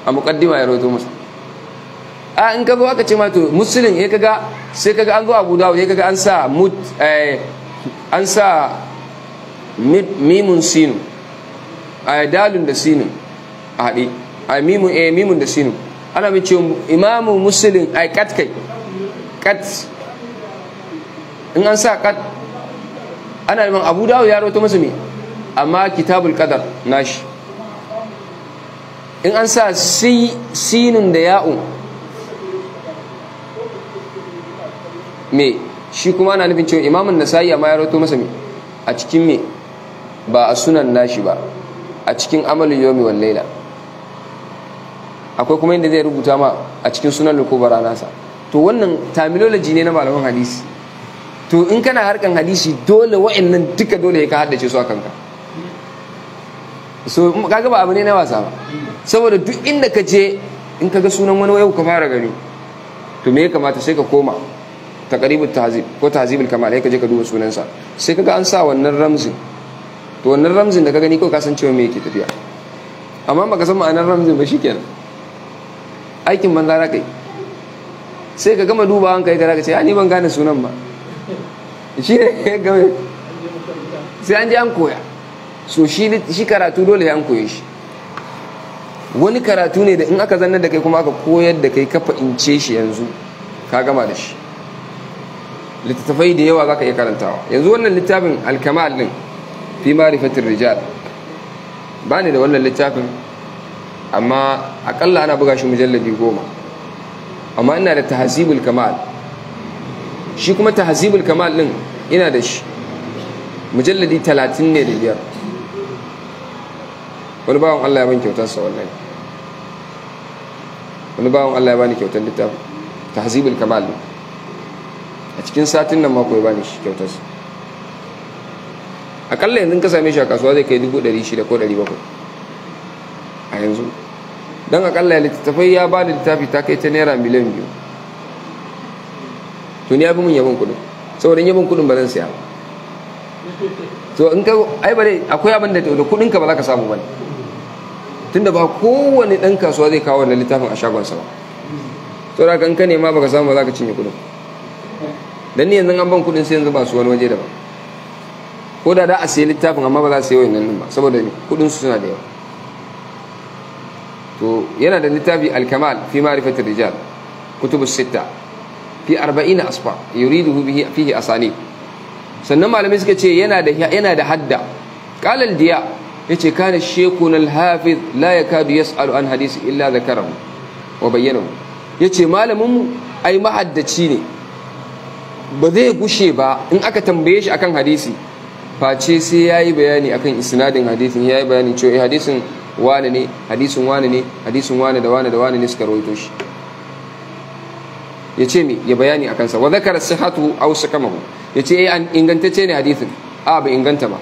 a muqaddima ya rawaito masa a in ka zo aka ce ma to musulun ya kaga sai kaga an zo abu dawo ya kaga an sa mut an sa mimun sinu a dalun da sinu a haɗe a mimun eh mimun da sinu ana mai cewa imamu musulun ai kat kai kat in an sa kat ana neman abu dawo ya roto masa amma kitabul qadar nashi in an sa si sinun da ya'un me shi kuma ana nufin cewa imamun nasa'i amma ya roto masa me a cikin me ba a sunan nashi ba a cikin amalin yomi wal laila akwai kuma inda zai rubuta ma a cikin sunan kubara nasa to wannan terminology ne na malaman hadisi to in kana harkan hadisi dole wa'annan duka dole ya ka haddace su a kanka so kaga ba abu ne na wasa ba saboda duk inda ka je in ka ga sunan wani wayo ka fara gani to me ya kamata sai ka koma ta tahzib ko tahzibul kamal sai ka je ka duba sunansa sai kaga an sa wannan ramzin to wannan ramzin da ka gani ko ka san cewa me yake tafiya amma baka san ma'anar ramzin ba shikenan aikin banza za ka yi sai ka gama duba an kai gara ka ce ya ni ban gane sunan ba shi ne gama sai an je an koya so shi karatu dole ya an koye shi wani karatu ne da in aka zanna da kai kuma aka koyar da kai kafa ce shi yanzu ka gama da shi littattafai da yawa za ka iya karantawa yanzu wannan littafin alkamal din fi marifatin rijal ba ne da wannan littafin amma akalla ana buga shi mujalladi goma amma ina da tahazibul kamal shi kuma tahazibul kamal din ina da shi mujalladi talatin ne da biyar wani bawon allah ya ban kyautarsa wallahi wani bawon allah ya bani kyautar littafin tahazibul kamal din a cikin satin nan mako ya bani shi kyautarsa akalla yanzu ka same shi a kasuwa zai kai dubu ɗari shida ko ɗari bakwai a yanzu don akalla littattafai ya ba da littafi ta kai ta naira miliyan biyu tuni ya fi mun yabon kudin saboda yabon kudin ba zan siya ba so in ka ai bare akwai abin da da kudin ka ba za ka samu bane tunda ba kowane dan kasuwa zai kawo wannan littafin a shagon sa ba da kan ka ba baka samu ba za ka cinye kudin dan ni yanzu an ban kudin sai yanzu ba su wani waje da ba ko da da a sayi littafin amma ba za a sayi wannan ba saboda kudin su suna da yawa to yana da littafi al fi ma'rifatir rijal kutubus sitta fi 40 asfa yuriduhu bihi fihi asani sannan malamai suka ce yana da yana da hadda qala al-diya yace kana shaykhun al-hafiz la yakadu yas'alu an hadisi illa zakarahu wa bayyanahu yace malamin mu ai mahaddaci ne ba zai gushe ba in aka tambaye shi akan hadisi face sai yayi bayani akan isnadin hadisin yayi bayani cewa eh hadisin wane ne hadisin wane ne hadisin wane da wane da wane ne suka rawaito shi ya ce mi ya bayani a kansa wa zakara sihatu aw sakamahu ya ce eh, an ingantacce ne hadisin a ba inganta ba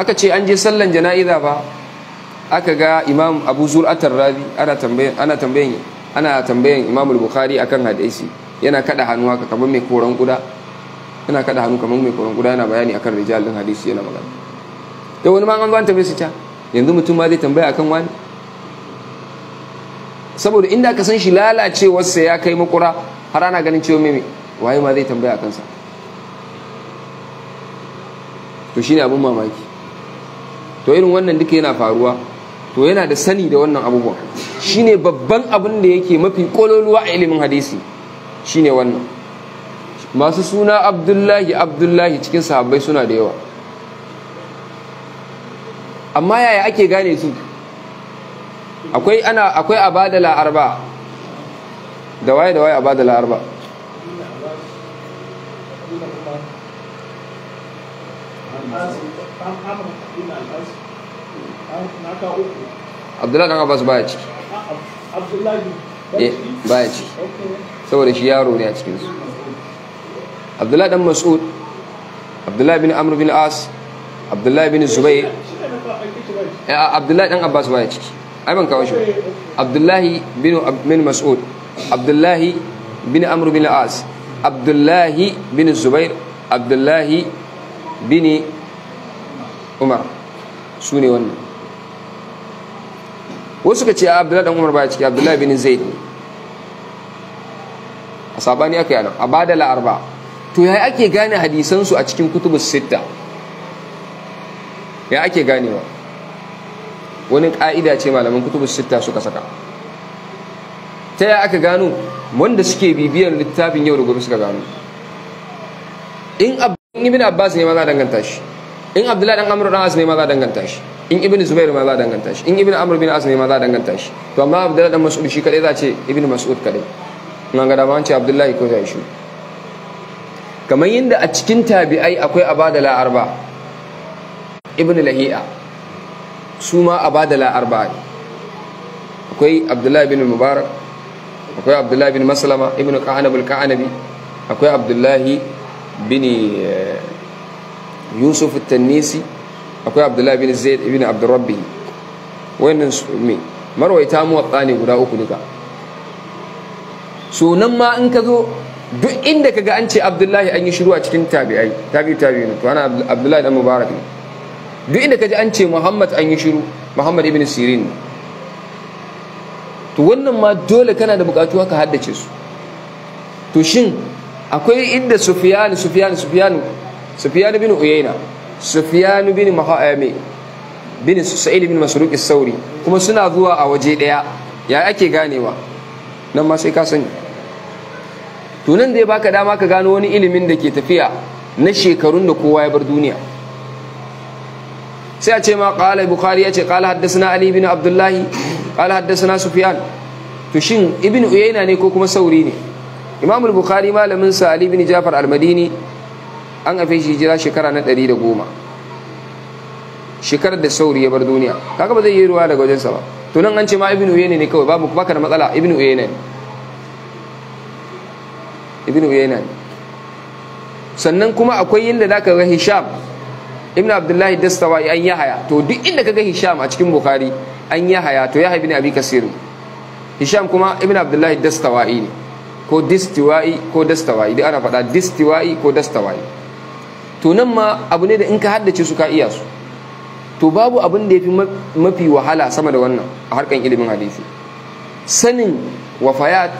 aka ce an je sallan jana'iza ba aka ga imam abu zur rabi ana tambayan ana tambayan ana tambayan imam al-bukhari akan hadisi yana kada hannu haka kamar mai koran guda yana kada hannu kamar mai koran guda yana bayani akan rijal din hadisi yana magana da wani ma an zo an su ta yanzu mutum ma zai tambaya akan wani saboda inda ka san shi lalacewarsa ya kai makura har ana ganin cewa mai waye ma zai tambaya a kansa to shine abin mamaki to irin wannan duka yana faruwa to yana da sani da wannan abubuwan shine babban abin da yake mafi kololuwa a ilimin hadisi shine wannan masu suna abdullahi abdullahi cikin sahabbai suna da yawa amma yaya ake gane su akwai ana akwai abadala arba da waye da waye abadala arba abdullahi dan abbas baya ciki eh, baya ciki saboda shi yaro ne a cikinsu abdullahi dan mas'ud abdullahi bin amr bin as abdullahi bin zubair Eh, abdullahi dan abbas baya ciki ai ban kawo shi ba abdullahi bin bin mas'ud abdullahi bin amr bin al-as abdullahi bin zubair abdullahi bin umar su ne wannan wasu ka ce abdullahi dan umar baya ciki abdullahi bin zaid a sabani aka yi a ba badala arba to ya ake gane hadisansu a cikin kutubu sitta ya ake ganewa wani ka'ida ce malaman kutubu sitta suka saka ta ya aka gano wanda suke bibiyar littafin yau da gobe suka gano in ibn abbas ne ma za danganta shi in abdullahi dan amr dan as ne ma za danganta shi in ibn zubair ma za danganta shi in ibn amr bin as ne ma za danganta shi to amma abdullahi dan mas'ud shi kadai za ce ibn mas'ud kadai nan ga da ma wance abdullahi ko zai shi kamar da a cikin tabi'ai akwai abadala arba ibn lahi'a su ma a la'ar arba'a akwai abdullahi bin mubarak akwai abdullahi bin maslama ibn ka'anabul ka'anabi akwai abdullahi bin eh, yusuf tannisi akwai abdullahi bin zaid ibn abdurrabbi wannan su me marwaita muwatta ne guda uku duka sunan ma in ka zo duk inda kaga an ce abdullahi an yi shiru a cikin tabi'ai tabi'u tabi'u to ana abdullahi dan mubarak ne duk inda ka kaji an ce muhammad an yi shiru muhammad ibn sirin to wannan ma dole kana da bukatu haka haddace su to shin akwai inda sufyan sufyan sufyan sufyan bin uyayna bin mahami eh, bin sa'id bin masruq as-sauri kuma suna zuwa a waje daya ya ake ganewa nan ma sai ka sani to nan dai baka dama ka gano wani ilimin da ke tafiya na shekarun da kowa ya bar duniya sai a ce ma ƙala bukari ya ce qala haddathana ali abdullahi ƙala haddasa na Sufiyan. to shin ibn uyayna ne ko kuma sauri ne Imamul Bukari malamin sa ali bin jafar almadini an afe shi jira shekara na 110 shekarar da sauri ya bar duniya kaga ba zai yi ruwa daga wajensa ba to nan an ce ma ibn uyayna ne kawai babu baka da matsala ibn uyayna ne ibn ne sannan kuma akwai yinda zaka ga hisham ibn abdullahi dastawai an yahaya to duk inda kaga hisham a cikin bukhari an yahaya to yahaya ibn abi kasir hisham kuma ibn abdullahi dastawai ne ko distiwai ko dastawai da ana faɗa distiwai ko dastawai to nan ma abu ne da in ka haddace su ka iya su to babu abin da yafi mafi wahala sama da wannan a harkan ilimin hadisi sanin wafayat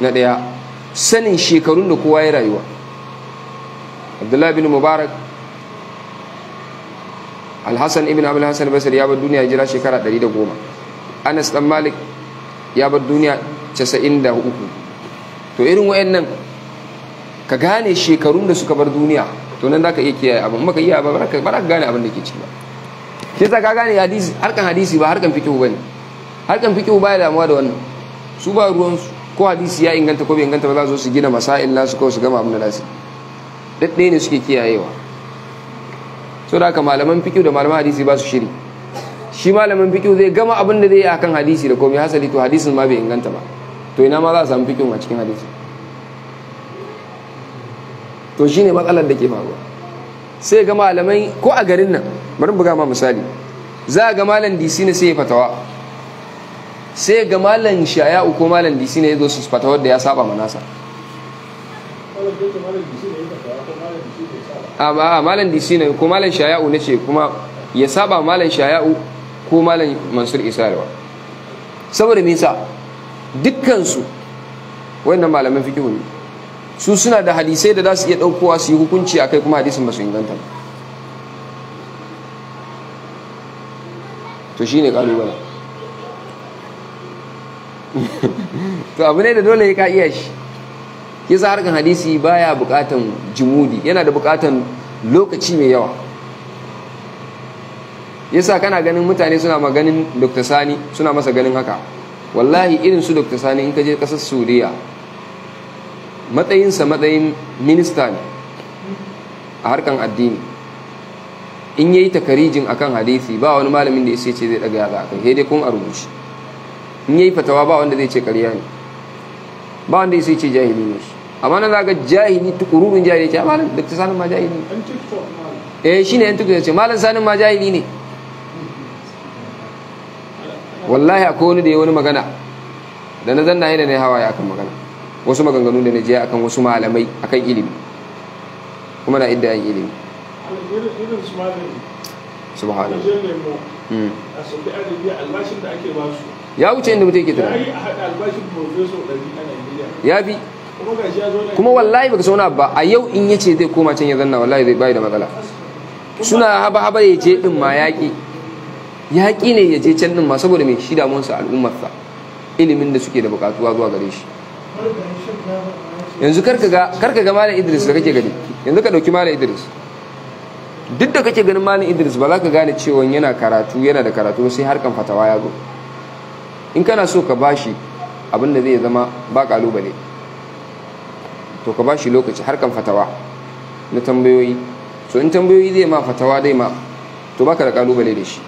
na ɗaya sanin shekarun da kowa ya rayuwa abdullahi bin mubarak alhassan ibn abu hassan basir ya bar duniya jira shekara 110 anas dan malik ya bar duniya 93 to irin wayannan ka gane shekarun da suka bar duniya to nan zaka iya kiyaye abin maka iya ba baraka baraka gane abin da ke ciki ba za ka gane hadisi harkan hadisi ba harkan fiqh bane harkan fiqh baya damuwa da wannan su ba ruwan su ko hadisi ya inganta ko bai inganta ba za su gina masail nasu ko su gama abin da nasu daddai ne suke kiyayewa so da malaman fiqh da malaman hadisi ba su shiri shi malamin fiqh zai gama abin da zai yi akan hadisi da komai hasali to hadisin ma bai inganta ba to ina ma za a samu fiqh a cikin hadisi to shine matsalar da ke faruwa sai ga malamai ko a garin nan bari buga ma misali za ga malam DC ne sai ya fatawa sai ga malam Shaya ko malam DC ne ya zo su fatawar da ya saba manasa malam DC ne ya fatawa a malam DC ne ko malam shaya'u na ce kuma ya saba malam shaya'u ko malam mansur isa wa saboda me yasa dukkansu wayannan malaman fiqhu ne su suna da hadisai da za su iya daukowa su yi hukunci akai kuma hadisin ba su inganta ba to shine kalubale to abu ne da dole ka iya shi ya sa harkan hadisi baya bukatan jimudi. yana da bukatan lokaci mai yawa ya sa kana ganin mutane suna maganin dr sani suna masa ganin haka wallahi irin su dr sani in ka je kasar suriya matsayinsa matsayin minista ne a harkan addini in yayi takarijin akan hadisi ba wani malamin da ya ce zai daga yaga akai sai dai kun a rubuce in yayi fatawa ba wanda zai ce karya ne ba wanda ya ce jahili ne shi amma nan ga jahili tukururun jahili ce ah, malam da sanin ma jahili ne eh shine yan tiktok ce malam sanin ma jahili ne wallahi akwai wani da ya wani magana da na zanna yana ne hawaye akan magana wasu maganganu da na je akan wasu malamai akan ilimi kuma na idda yin ilimi subhanallah hmm. ya wuce inda mutum yake tunani ya bi kuma wallahi baka sauna ba a yau in yace zai koma can ya zanna wallahi zai bai da matsala suna haba haba ya je din ma yaƙi yaƙi ne ya je can din ma saboda mai shi damuwarsa al'ummarsa ilimin da suke da buƙatuwa zuwa gare shi yanzu karka ga malam idris da kake gani yanzu ka ɗauki malam idris duk da kake ganin malam idris ba za ka gane cewa yana karatu yana da karatu sai harkan fatawa ya zo in kana so ka bashi abin da zai zama ba kalubale. to ka bashi lokaci harkan fatawa na tambayoyi so in tambayoyi zai ma fatawa dai ma to baka da kalubale da shi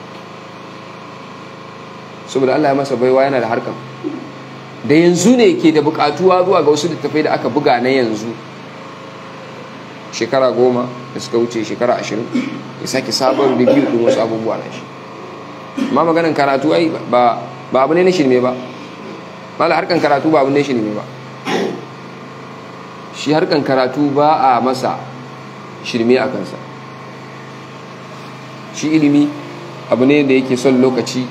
saboda Allah ya masa baiwa yana da harkan da yanzu ne ke da bukatuwa zuwa ga wasu littattafai da aka buga na yanzu shekara goma da suka wuce shekara ashirin ya sake sabon review din wasu abubuwa na shi ma maganin karatu ai ba abu ne na shirme ba mala harkan karatu ba abu ne shirme ba shi harkan karatu ba a masa shirme a kansa shi ilimi abu ne da yake son lokaci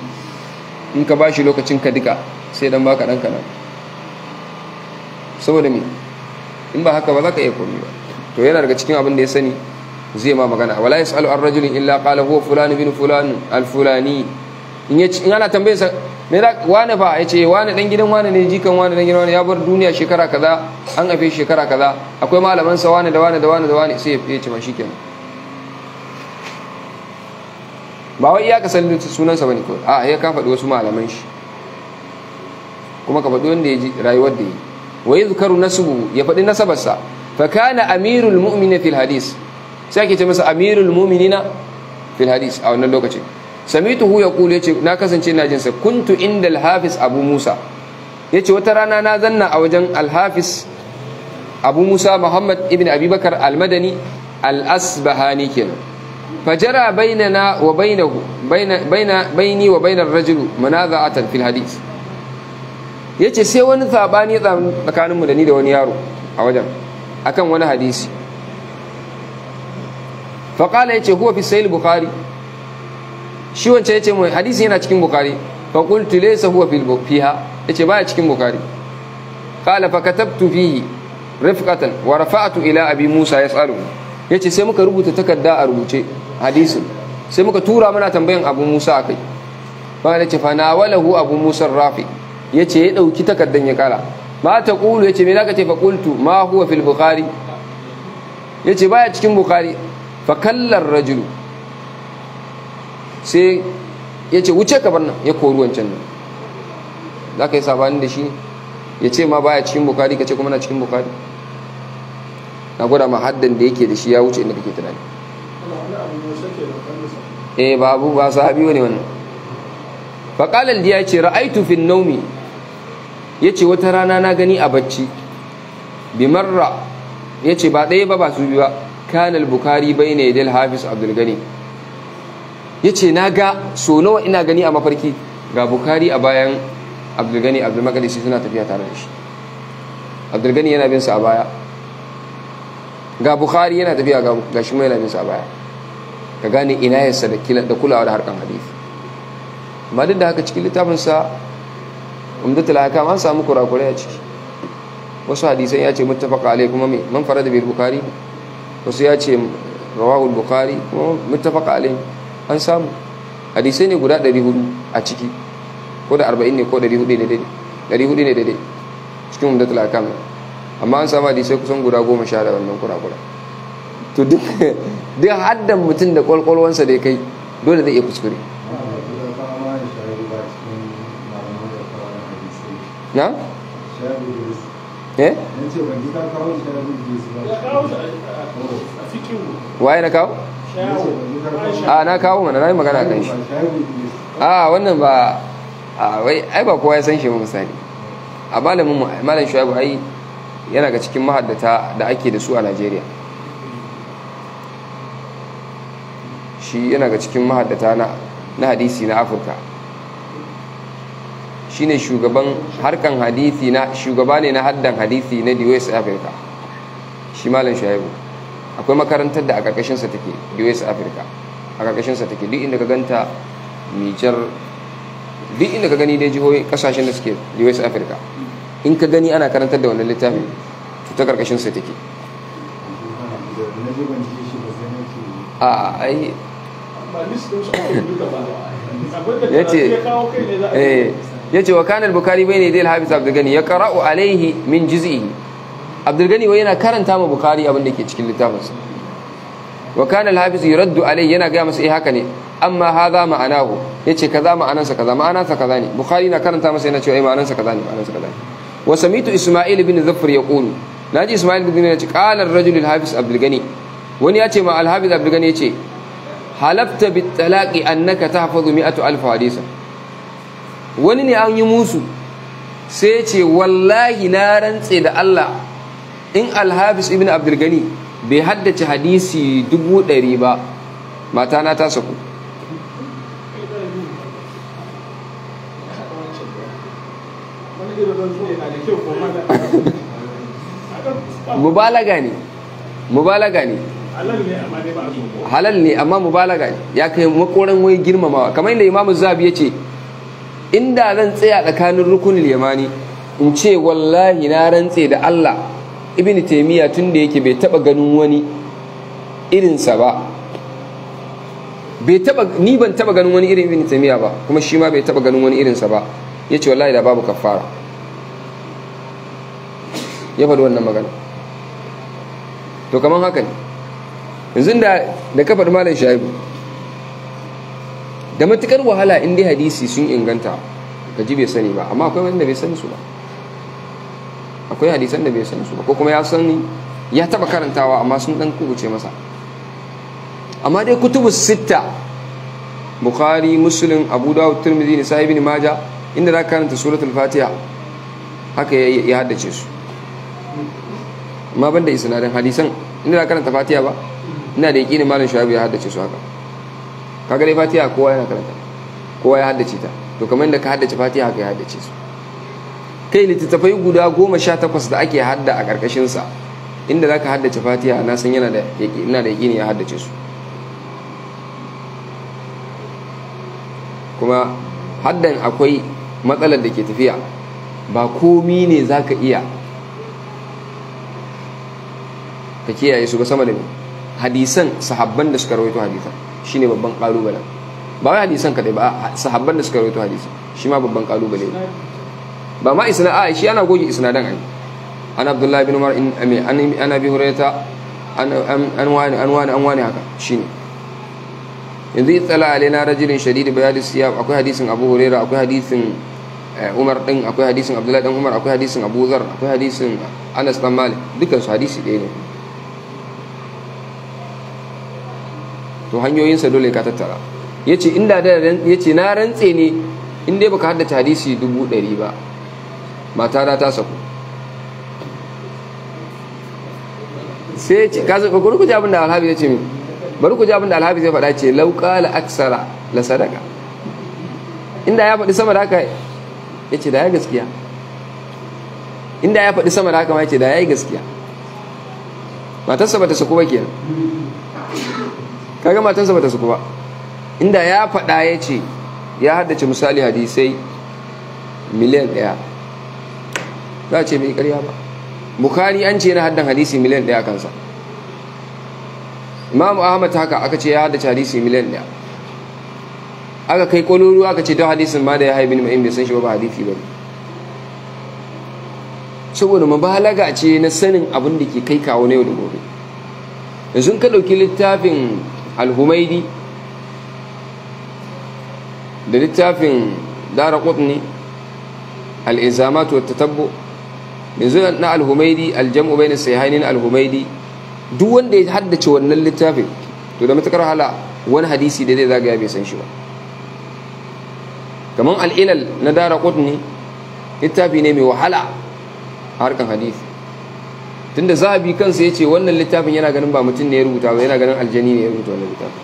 in ka ba shi lokacin ka duka sai dan baka dan kanan saboda me in ba haka ba za ka iya komi ba to yana daga cikin abin da ya sani zai ma magana wala yasalu ar-rajulin illa qala huwa fulan bin fulan al-fulani in yace in ana me da wane fa ya ce wane dan gidan wane ne jikan wane dan gidan wane ya bar duniya shekara kaza an afe shekara kaza akwai malaman sa wane da wane da wane da wane sai ya ce ma shikenan ba wai iyaka sanin sunansa bane ko a ya ka faɗi wasu malaman shi kuma ka faɗi wanda ya ji rayuwar da yi wa yuzkaru nasbu ya faɗi sa? fa kana amirul mu'minin fil hadis sai ake ce masa amirul mu'minina fil hadis a wannan lokacin samituhu yaqulu yace na kasance na jinsa kuntu inda Alhafis abu musa yace wata rana na zanna a wajen Alhafis abu musa muhammad ibn abubakar Almadani madani al-asbahani kenan fajara bainana wa bainahu baina baini wa bainar rajulu munaza'atan fil hadith yace sai wani sabani tsakaninmu da ni da wani yaro a wajen akan wani hadisi faqala yace huwa fi sayil bukhari shi wancan ce mai hadisi yana cikin bukari fa qultu laysa huwa fil fiha ce baya cikin bukari qala fa katabtu fihi rifqatan wa rafa'tu ila abi musa yas'alu ce sai muka rubuta takarda a rubuce hadisin sai muka tura mana tambayan abu musa akai fa yace fa nawalahu abu musa rafi Ya ce ya dauki takardan ya kara ma ta qulu ce me zaka ce fa qultu ma huwa fil bukhari ba baya cikin bukhari fa kallar rajulu sai ya ce wuce ka nan ya kori wancan nan za ka yi sabanin da shi ya ce ma baya cikin bukari ka ce kuma na cikin bukari na gwada ma haddan da yake da shi ya wuce inda kake tunani eh babu ba haɓi wani wannan faƙalar da ya ce ra'aitu fin naumi ya ce wata rana na gani a bacci bimarra ya ce ba ɗaya ba ba su biyu ba kanal bukari bai ne dal hafiz abdulgani ya ce na ga so nawa ina gani a mafarki ga bukari a bayan abdulgani abdulmakadisi suna tafiya tare da shi abdulgani yana bin sa a baya ga bukari yana tafiya ga shi mai yana bin sa a baya ka gane ina yasa da kulawa da harkar hadith ma duk da haka cikin littafinsa umdatul hakam an samu kurakure a ciki wasu hadisan ya ce mutafaka alai kuma mai man farada bil wasu ya ce rawahul bukari kuma mutafaka alai an samu hadisai ne guda 400 a ciki ko da 40 ne ko 400 ne daidai 400 ne daidai cikin umdatul akam amma an samu hadisai kusan guda goma sha da wannan kura-kura to duk duk haddan mutum da kwalkwalwansa da ya kai dole zai iya kuskure na? eh? waye na kawo? a na kawo mana na yi magana kan shi a wannan ba a wai ai ba kowa ya san shi ba misali a malamin malam shuaibu ai yana ga cikin mahaddata da ake da su a Najeriya shi yana ga cikin mahaddata na hadisi na Afirka shine shugaban harkan hadisi na shugaba ne na haddan hadisi na West Africa shi malam Shuaibu akwai makarantar da a ƙarƙashinsa take us africa a ƙarƙashinsa take duk inda ka ganta mijar duk inda ka gani dai jihohi ƙasashen da suke us africa in ka gani ana karantar da wannan littafin to ta ƙarƙashinsa take a ai ya ce eh, wa kanar bukari bai ne dai alhabis Gani ya kara'u alaihi min jizi. abdulgani wai yana karanta ma bukari abin da ke cikin littafinsa wa kana al-hafiz yuraddu alai yana ga masa eh haka ne amma hadha ma'anahu yace kaza ma'anansa kaza ma'anansa kaza ne bukhari na karanta masa yana cewa eh ma'anansa kaza ne ma'anansa kaza ne wa samitu isma'il ibn zafar yaqulu naji isma'il ibn ya ce qala ar-rajul al-hafiz abdulgani wani yace ma al-hafiz abdulgani yace halafta bit talaqi annaka tahfazu mi'atu alf hadisa wani ne an yi musu sai ce wallahi na rantse da Allah in alhabis ibn abdulgani bai haddace hadisi dubu ɗari ba Mata na ta saku mubalaga ne mubalaga ne halal ne amma mubalaga ne ya kai makoran wai girmamawa kamar yadda imamu zabi ya ce inda zan tsaya tsakanin rukunin yamani in ce wallahi na rantse da allah ibn taimiyya tun da yake bai taba ganin wani irinsa ba ni ban taba ganin wani irin ibn taimiyya ba kuma shi ma bai taba ganin wani irinsa ba ya ce wallahi da babu kafara ya faɗi wannan magana to kamar haka ne yanzu da da ka faɗi malam shaibu da matukar wahala inda hadisi sun inganta ka ji bai sani ba amma akwai wanda bai sani su ba akwai hadisan da bai san su ba ko kuma ya san ya taba karantawa amma sun dan kubuce masa amma dai kutubu sita bukhari muslim abu dawud tirmidhi sahibi ne maja inda za ka karanta suratul fatiha haka ya haddace su amma banda isnadin hadisan inda za ka karanta fatiha ba ina da yakinin malam shabi ya haddace su haka kaga dai fatiha kowa yana karanta kowa ya haddace ta to kamar inda ka haddace fatiha haka ya haddace su kai littattafai guda goma sha takwas da ake hadda a ƙarƙashinsa inda za ka haddace fatiha na san yana da yaƙini ya haddace su kuma haddan akwai matsalar da ke tafiya ba komi ne za ka iya ka kiyaye su ba sama da hadisan sahabban da suka rawaito hadisan shi ne babban ƙalubalen ba wai hadisan kaɗai ba sahabban da suka rawaito hadisan shi ma babban ƙalubale ne ba ma isna a shi ana goge isnadan ai an abdullahi bin umar in ami an abi hurairata an an wani an wani an wani haka shine yanzu itsala alaina rajulin shadid bayadi siyab akwai hadisin abu hurairah akwai hadisin eh, umar din akwai hadisin abdullahi dan umar akwai hadisin abu zar akwai hadisin anas dan malik dukkan su hadisi ɗaya ne to hanyoyinsa dole ka tattara yace inda da yace na rantse ne in dai baka haddace hadisi dubu ɗari ba Mata na ta sako, sai ce kasu ba ku ji abin da alhabi ya ce min bari ku ji abin da alhabi zai faɗa ce lauka la aksara la sadaka inda ya faɗi sama da haka ya ce da ya gaskiya inda ya faɗi sama da haka ma ya ce da ya yi gaskiya matarsa ba ta suku ba nan, kaga matarsa ba ta suku ba inda ya faɗa ya ce ya haddace misali hadisai miliyan ɗaya za a ce mai karya ba bukhari an ce na haddan hadisi miliyan ɗaya kansa imamu ahmad haka aka ce ya haddace hadisi miliyan ɗaya aka kai kololu aka ce don hadisin ma da ya haibin ma'in bai san shi ba ba hadisi ba saboda mabalaga ce na sanin abin da ke kai kawo na yau da gobe yanzu ka ɗauki littafin alhumaidi da littafin dara Al'izama to ta tabbo yanzu na alhumaidi aljam'u bai bain hainin alhumaidi duk wanda ya haddace wannan littafin to da matakar hala wani hadisi da zai zagaya bai san shi ba kamar al'ilal na dara kudni littafi ne mai wahala a harkar hadisi tunda zahabi kansa ya ce wannan littafin yana ganin ba mutum ne ya rubuta ba yana ganin aljani ne ya rubuta wannan littafin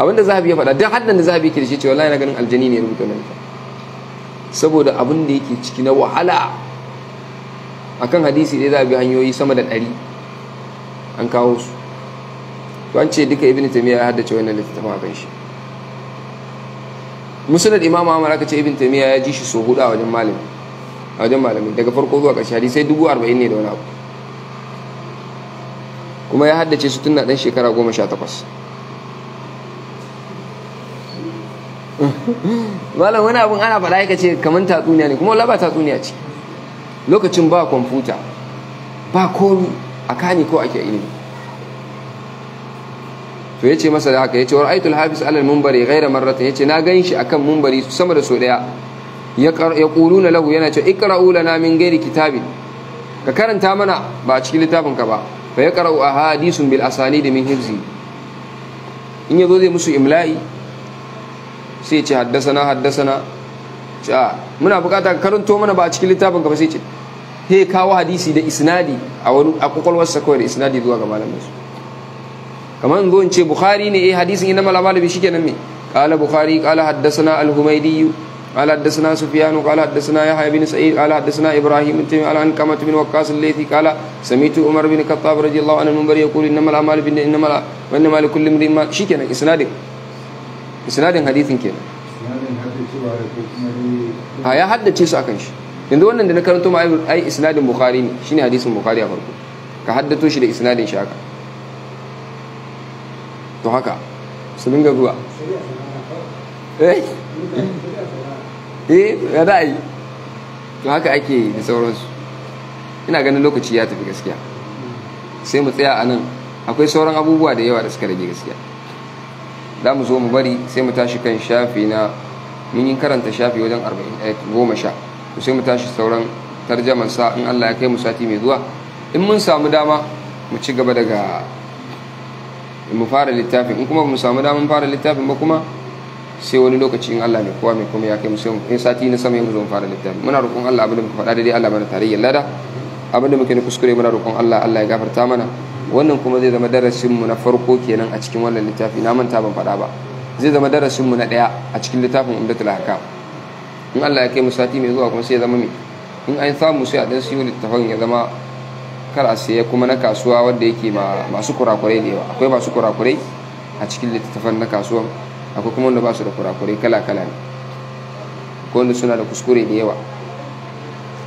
abinda zahabi ya faɗa don haddan da zahabi ke da shi ce yana ganin aljani ne ya rubuta wannan littafin saboda abin da yake ciki na wahala a kan hadisi dai za a bi hanyoyi sama da ɗari an kawo su to an ce duka ibn taymiya ya haddace wannan littattafin a kan shi musnad Imamu amur aka ce ibn taymiya ya ji shi so hudu a wajen malami a wajen malami daga farko zuwa ƙarshe hadisai dubu arba'in ne da wani abu kuma ya haddace su tun na ɗan shekara goma sha takwas malam wani abin ana faɗa ya ce kamar tatsuniya ne kuma wala ba tatsuniya ce lokacin ba kwamfuta ba komi a kani ko ake ilimi to ya ce masa da haka ya ce war'aitul hafiz alal mumbari gaira marratin ya ce na gan shi akan mumbari sama da so ɗaya ya na lahu yana ce ikra'u lana min gairi kitabin ka karanta mana ba a cikin ka ba fa ya a hadisun bil da min hifzi in zo zai musu imla'i sai ce haddasana haddasana a muna bukata ka karanto mana ba a cikin littafin ka ba sai ce he kawo hadisi da isnadi a wani a kokolwar sa kawai da isnadi zuwa ga malamin su kamar in zo in ce bukhari ne eh hadisin inna mala malami shikenan me qala bukhari qala haddasana al-humaydi قال حدثنا سفيان قال حدثنا يحيى بن سعيد قال حدثنا ابراهيم بن تيميه قال كمت بن وقاص الليثي قال سمعت عمر بن الخطاب رضي الله عنه المنبر يقول انما الاعمال بالنيات انما وانما لكل امرئ ما شيكنا اسنادك isnadin hadithin kenan a ya haddace su akan shi yanzu wannan da na karanto ma ai isnadin bukhari ne shine hadisin bukhari a farko ka haddato shi da isnadin shi haka to haka su dinga zuwa eh eh ya da ai to haka ake da sauransu ina ganin lokaci ya tafi gaskiya sai mu tsaya a nan akwai sauran abubuwa da yawa da suka rage gaskiya za mu zo mu bari sai mu tashi kan shafi na mun yi karanta shafi wajen 40 eh, to sai mu tashi sauran tarjaman sa in Allah ya kai mu sati mai zuwa in mun samu dama mu ci gaba daga mu fara littafin in kuma mu samu mun fara littafin ba kuma sai wani lokaci in Allah ne kowa mai kuma ya kai mu sai in sati na sama mu mu fara littafin muna roƙon Allah abin da muka faɗa dai Allah mana tarayyar lada abin da muke na kuskure muna roƙon Allah Allah ya gafarta mana wannan kuma zai zama darasinmu na farko kenan a cikin wannan littafi na manta ban faɗa ba zai zama darasinmu na ɗaya a cikin littafin umdatul ahkam in Allah ya kai mu sati mai zuwa kuma sai ya zama mai in an samu sai a dan siyo littafin ya zama kar a siya kuma na kasuwa wanda yake masu kurakurai da yawa akwai masu kurakurai a cikin littattafan na kasuwa akwai kuma wanda ba su da kurakurai kala kala ne ko wanda suna da kuskure da yawa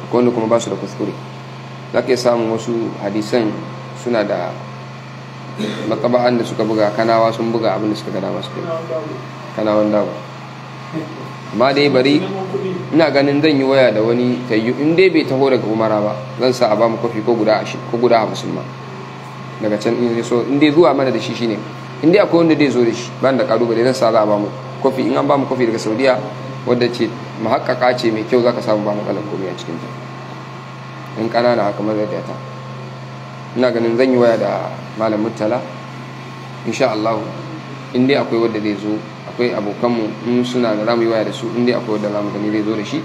ko wanda kuma ba su da kuskure za ka samun wasu hadisan suna da makaba'an da suka buga kanawa sun buga abin da suka gada masu kai kanawan dawo amma dai bari ina ganin zan yi waya da wani tayyu in dai bai taho daga umara ba zan sa a ba mu kofi ko guda a ko guda hamsin ma daga can in so in dai zuwa mana da shi shine in dai akwai wanda dai zo da shi ban da kalubale zan sa za a ba mu kofi in an ba mu kofi daga saudiya wadda ce haƙaƙa ce mai kyau za ka samu ba matsalar komai a cikinta in ƙanana haka ta ina ganin zan yi waya da malam murtala insha Allah in dai akwai wanda zai zo akwai abokanmu in suna da zamu yi waya da su in dai akwai wanda zamu gani zai zo da shi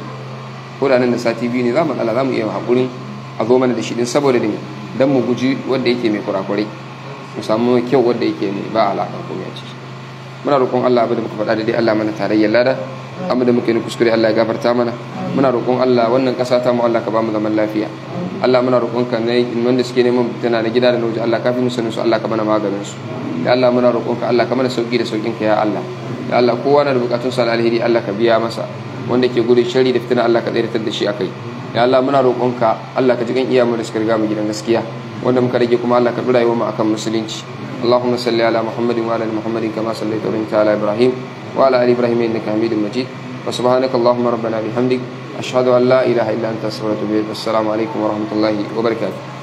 ko da nan da sati biyu ne zamu Allah zamu iya hakurin a zo mana da shi din saboda ne dan mu guji wanda yake mai kurakurai mu samu kyau wanda yake mai ba alaka ko ya ci muna roƙon Allah abin da muka faɗa da dai Allah mana tarayyar lada amma da muke ni kuskure Allah ya gafarta mana muna roƙon Allah wannan ƙasa ta mu Allah ka ba mu zaman lafiya Allah muna roƙon ka ne wanda suke neman tana na gida da na waje Allah ka fi musu su Allah ka mana maganin su ya Allah muna roƙon ka Allah ka mana sauki da saukin ka ya Allah ya Allah kowa na da bukatun sa alheri Allah ka biya masa wanda ke gudun shari da fitina Allah ka tsayar da shi akai ya Allah muna roƙon ka Allah ka ji kan mu da suka riga mu gidan gaskiya wanda muka rage kuma Allah ka bi rayuwar mu akan musulunci اللهم صل على محمد وعلى ال محمد كما صليت وبارك على ابراهيم وعلى آل إبراهيم إنك حميد مجيد وسبحانك اللهم ربنا بحمدك أشهد أن لا إله إلا أنت أستغفرك والسلام عليكم ورحمة الله وبركاته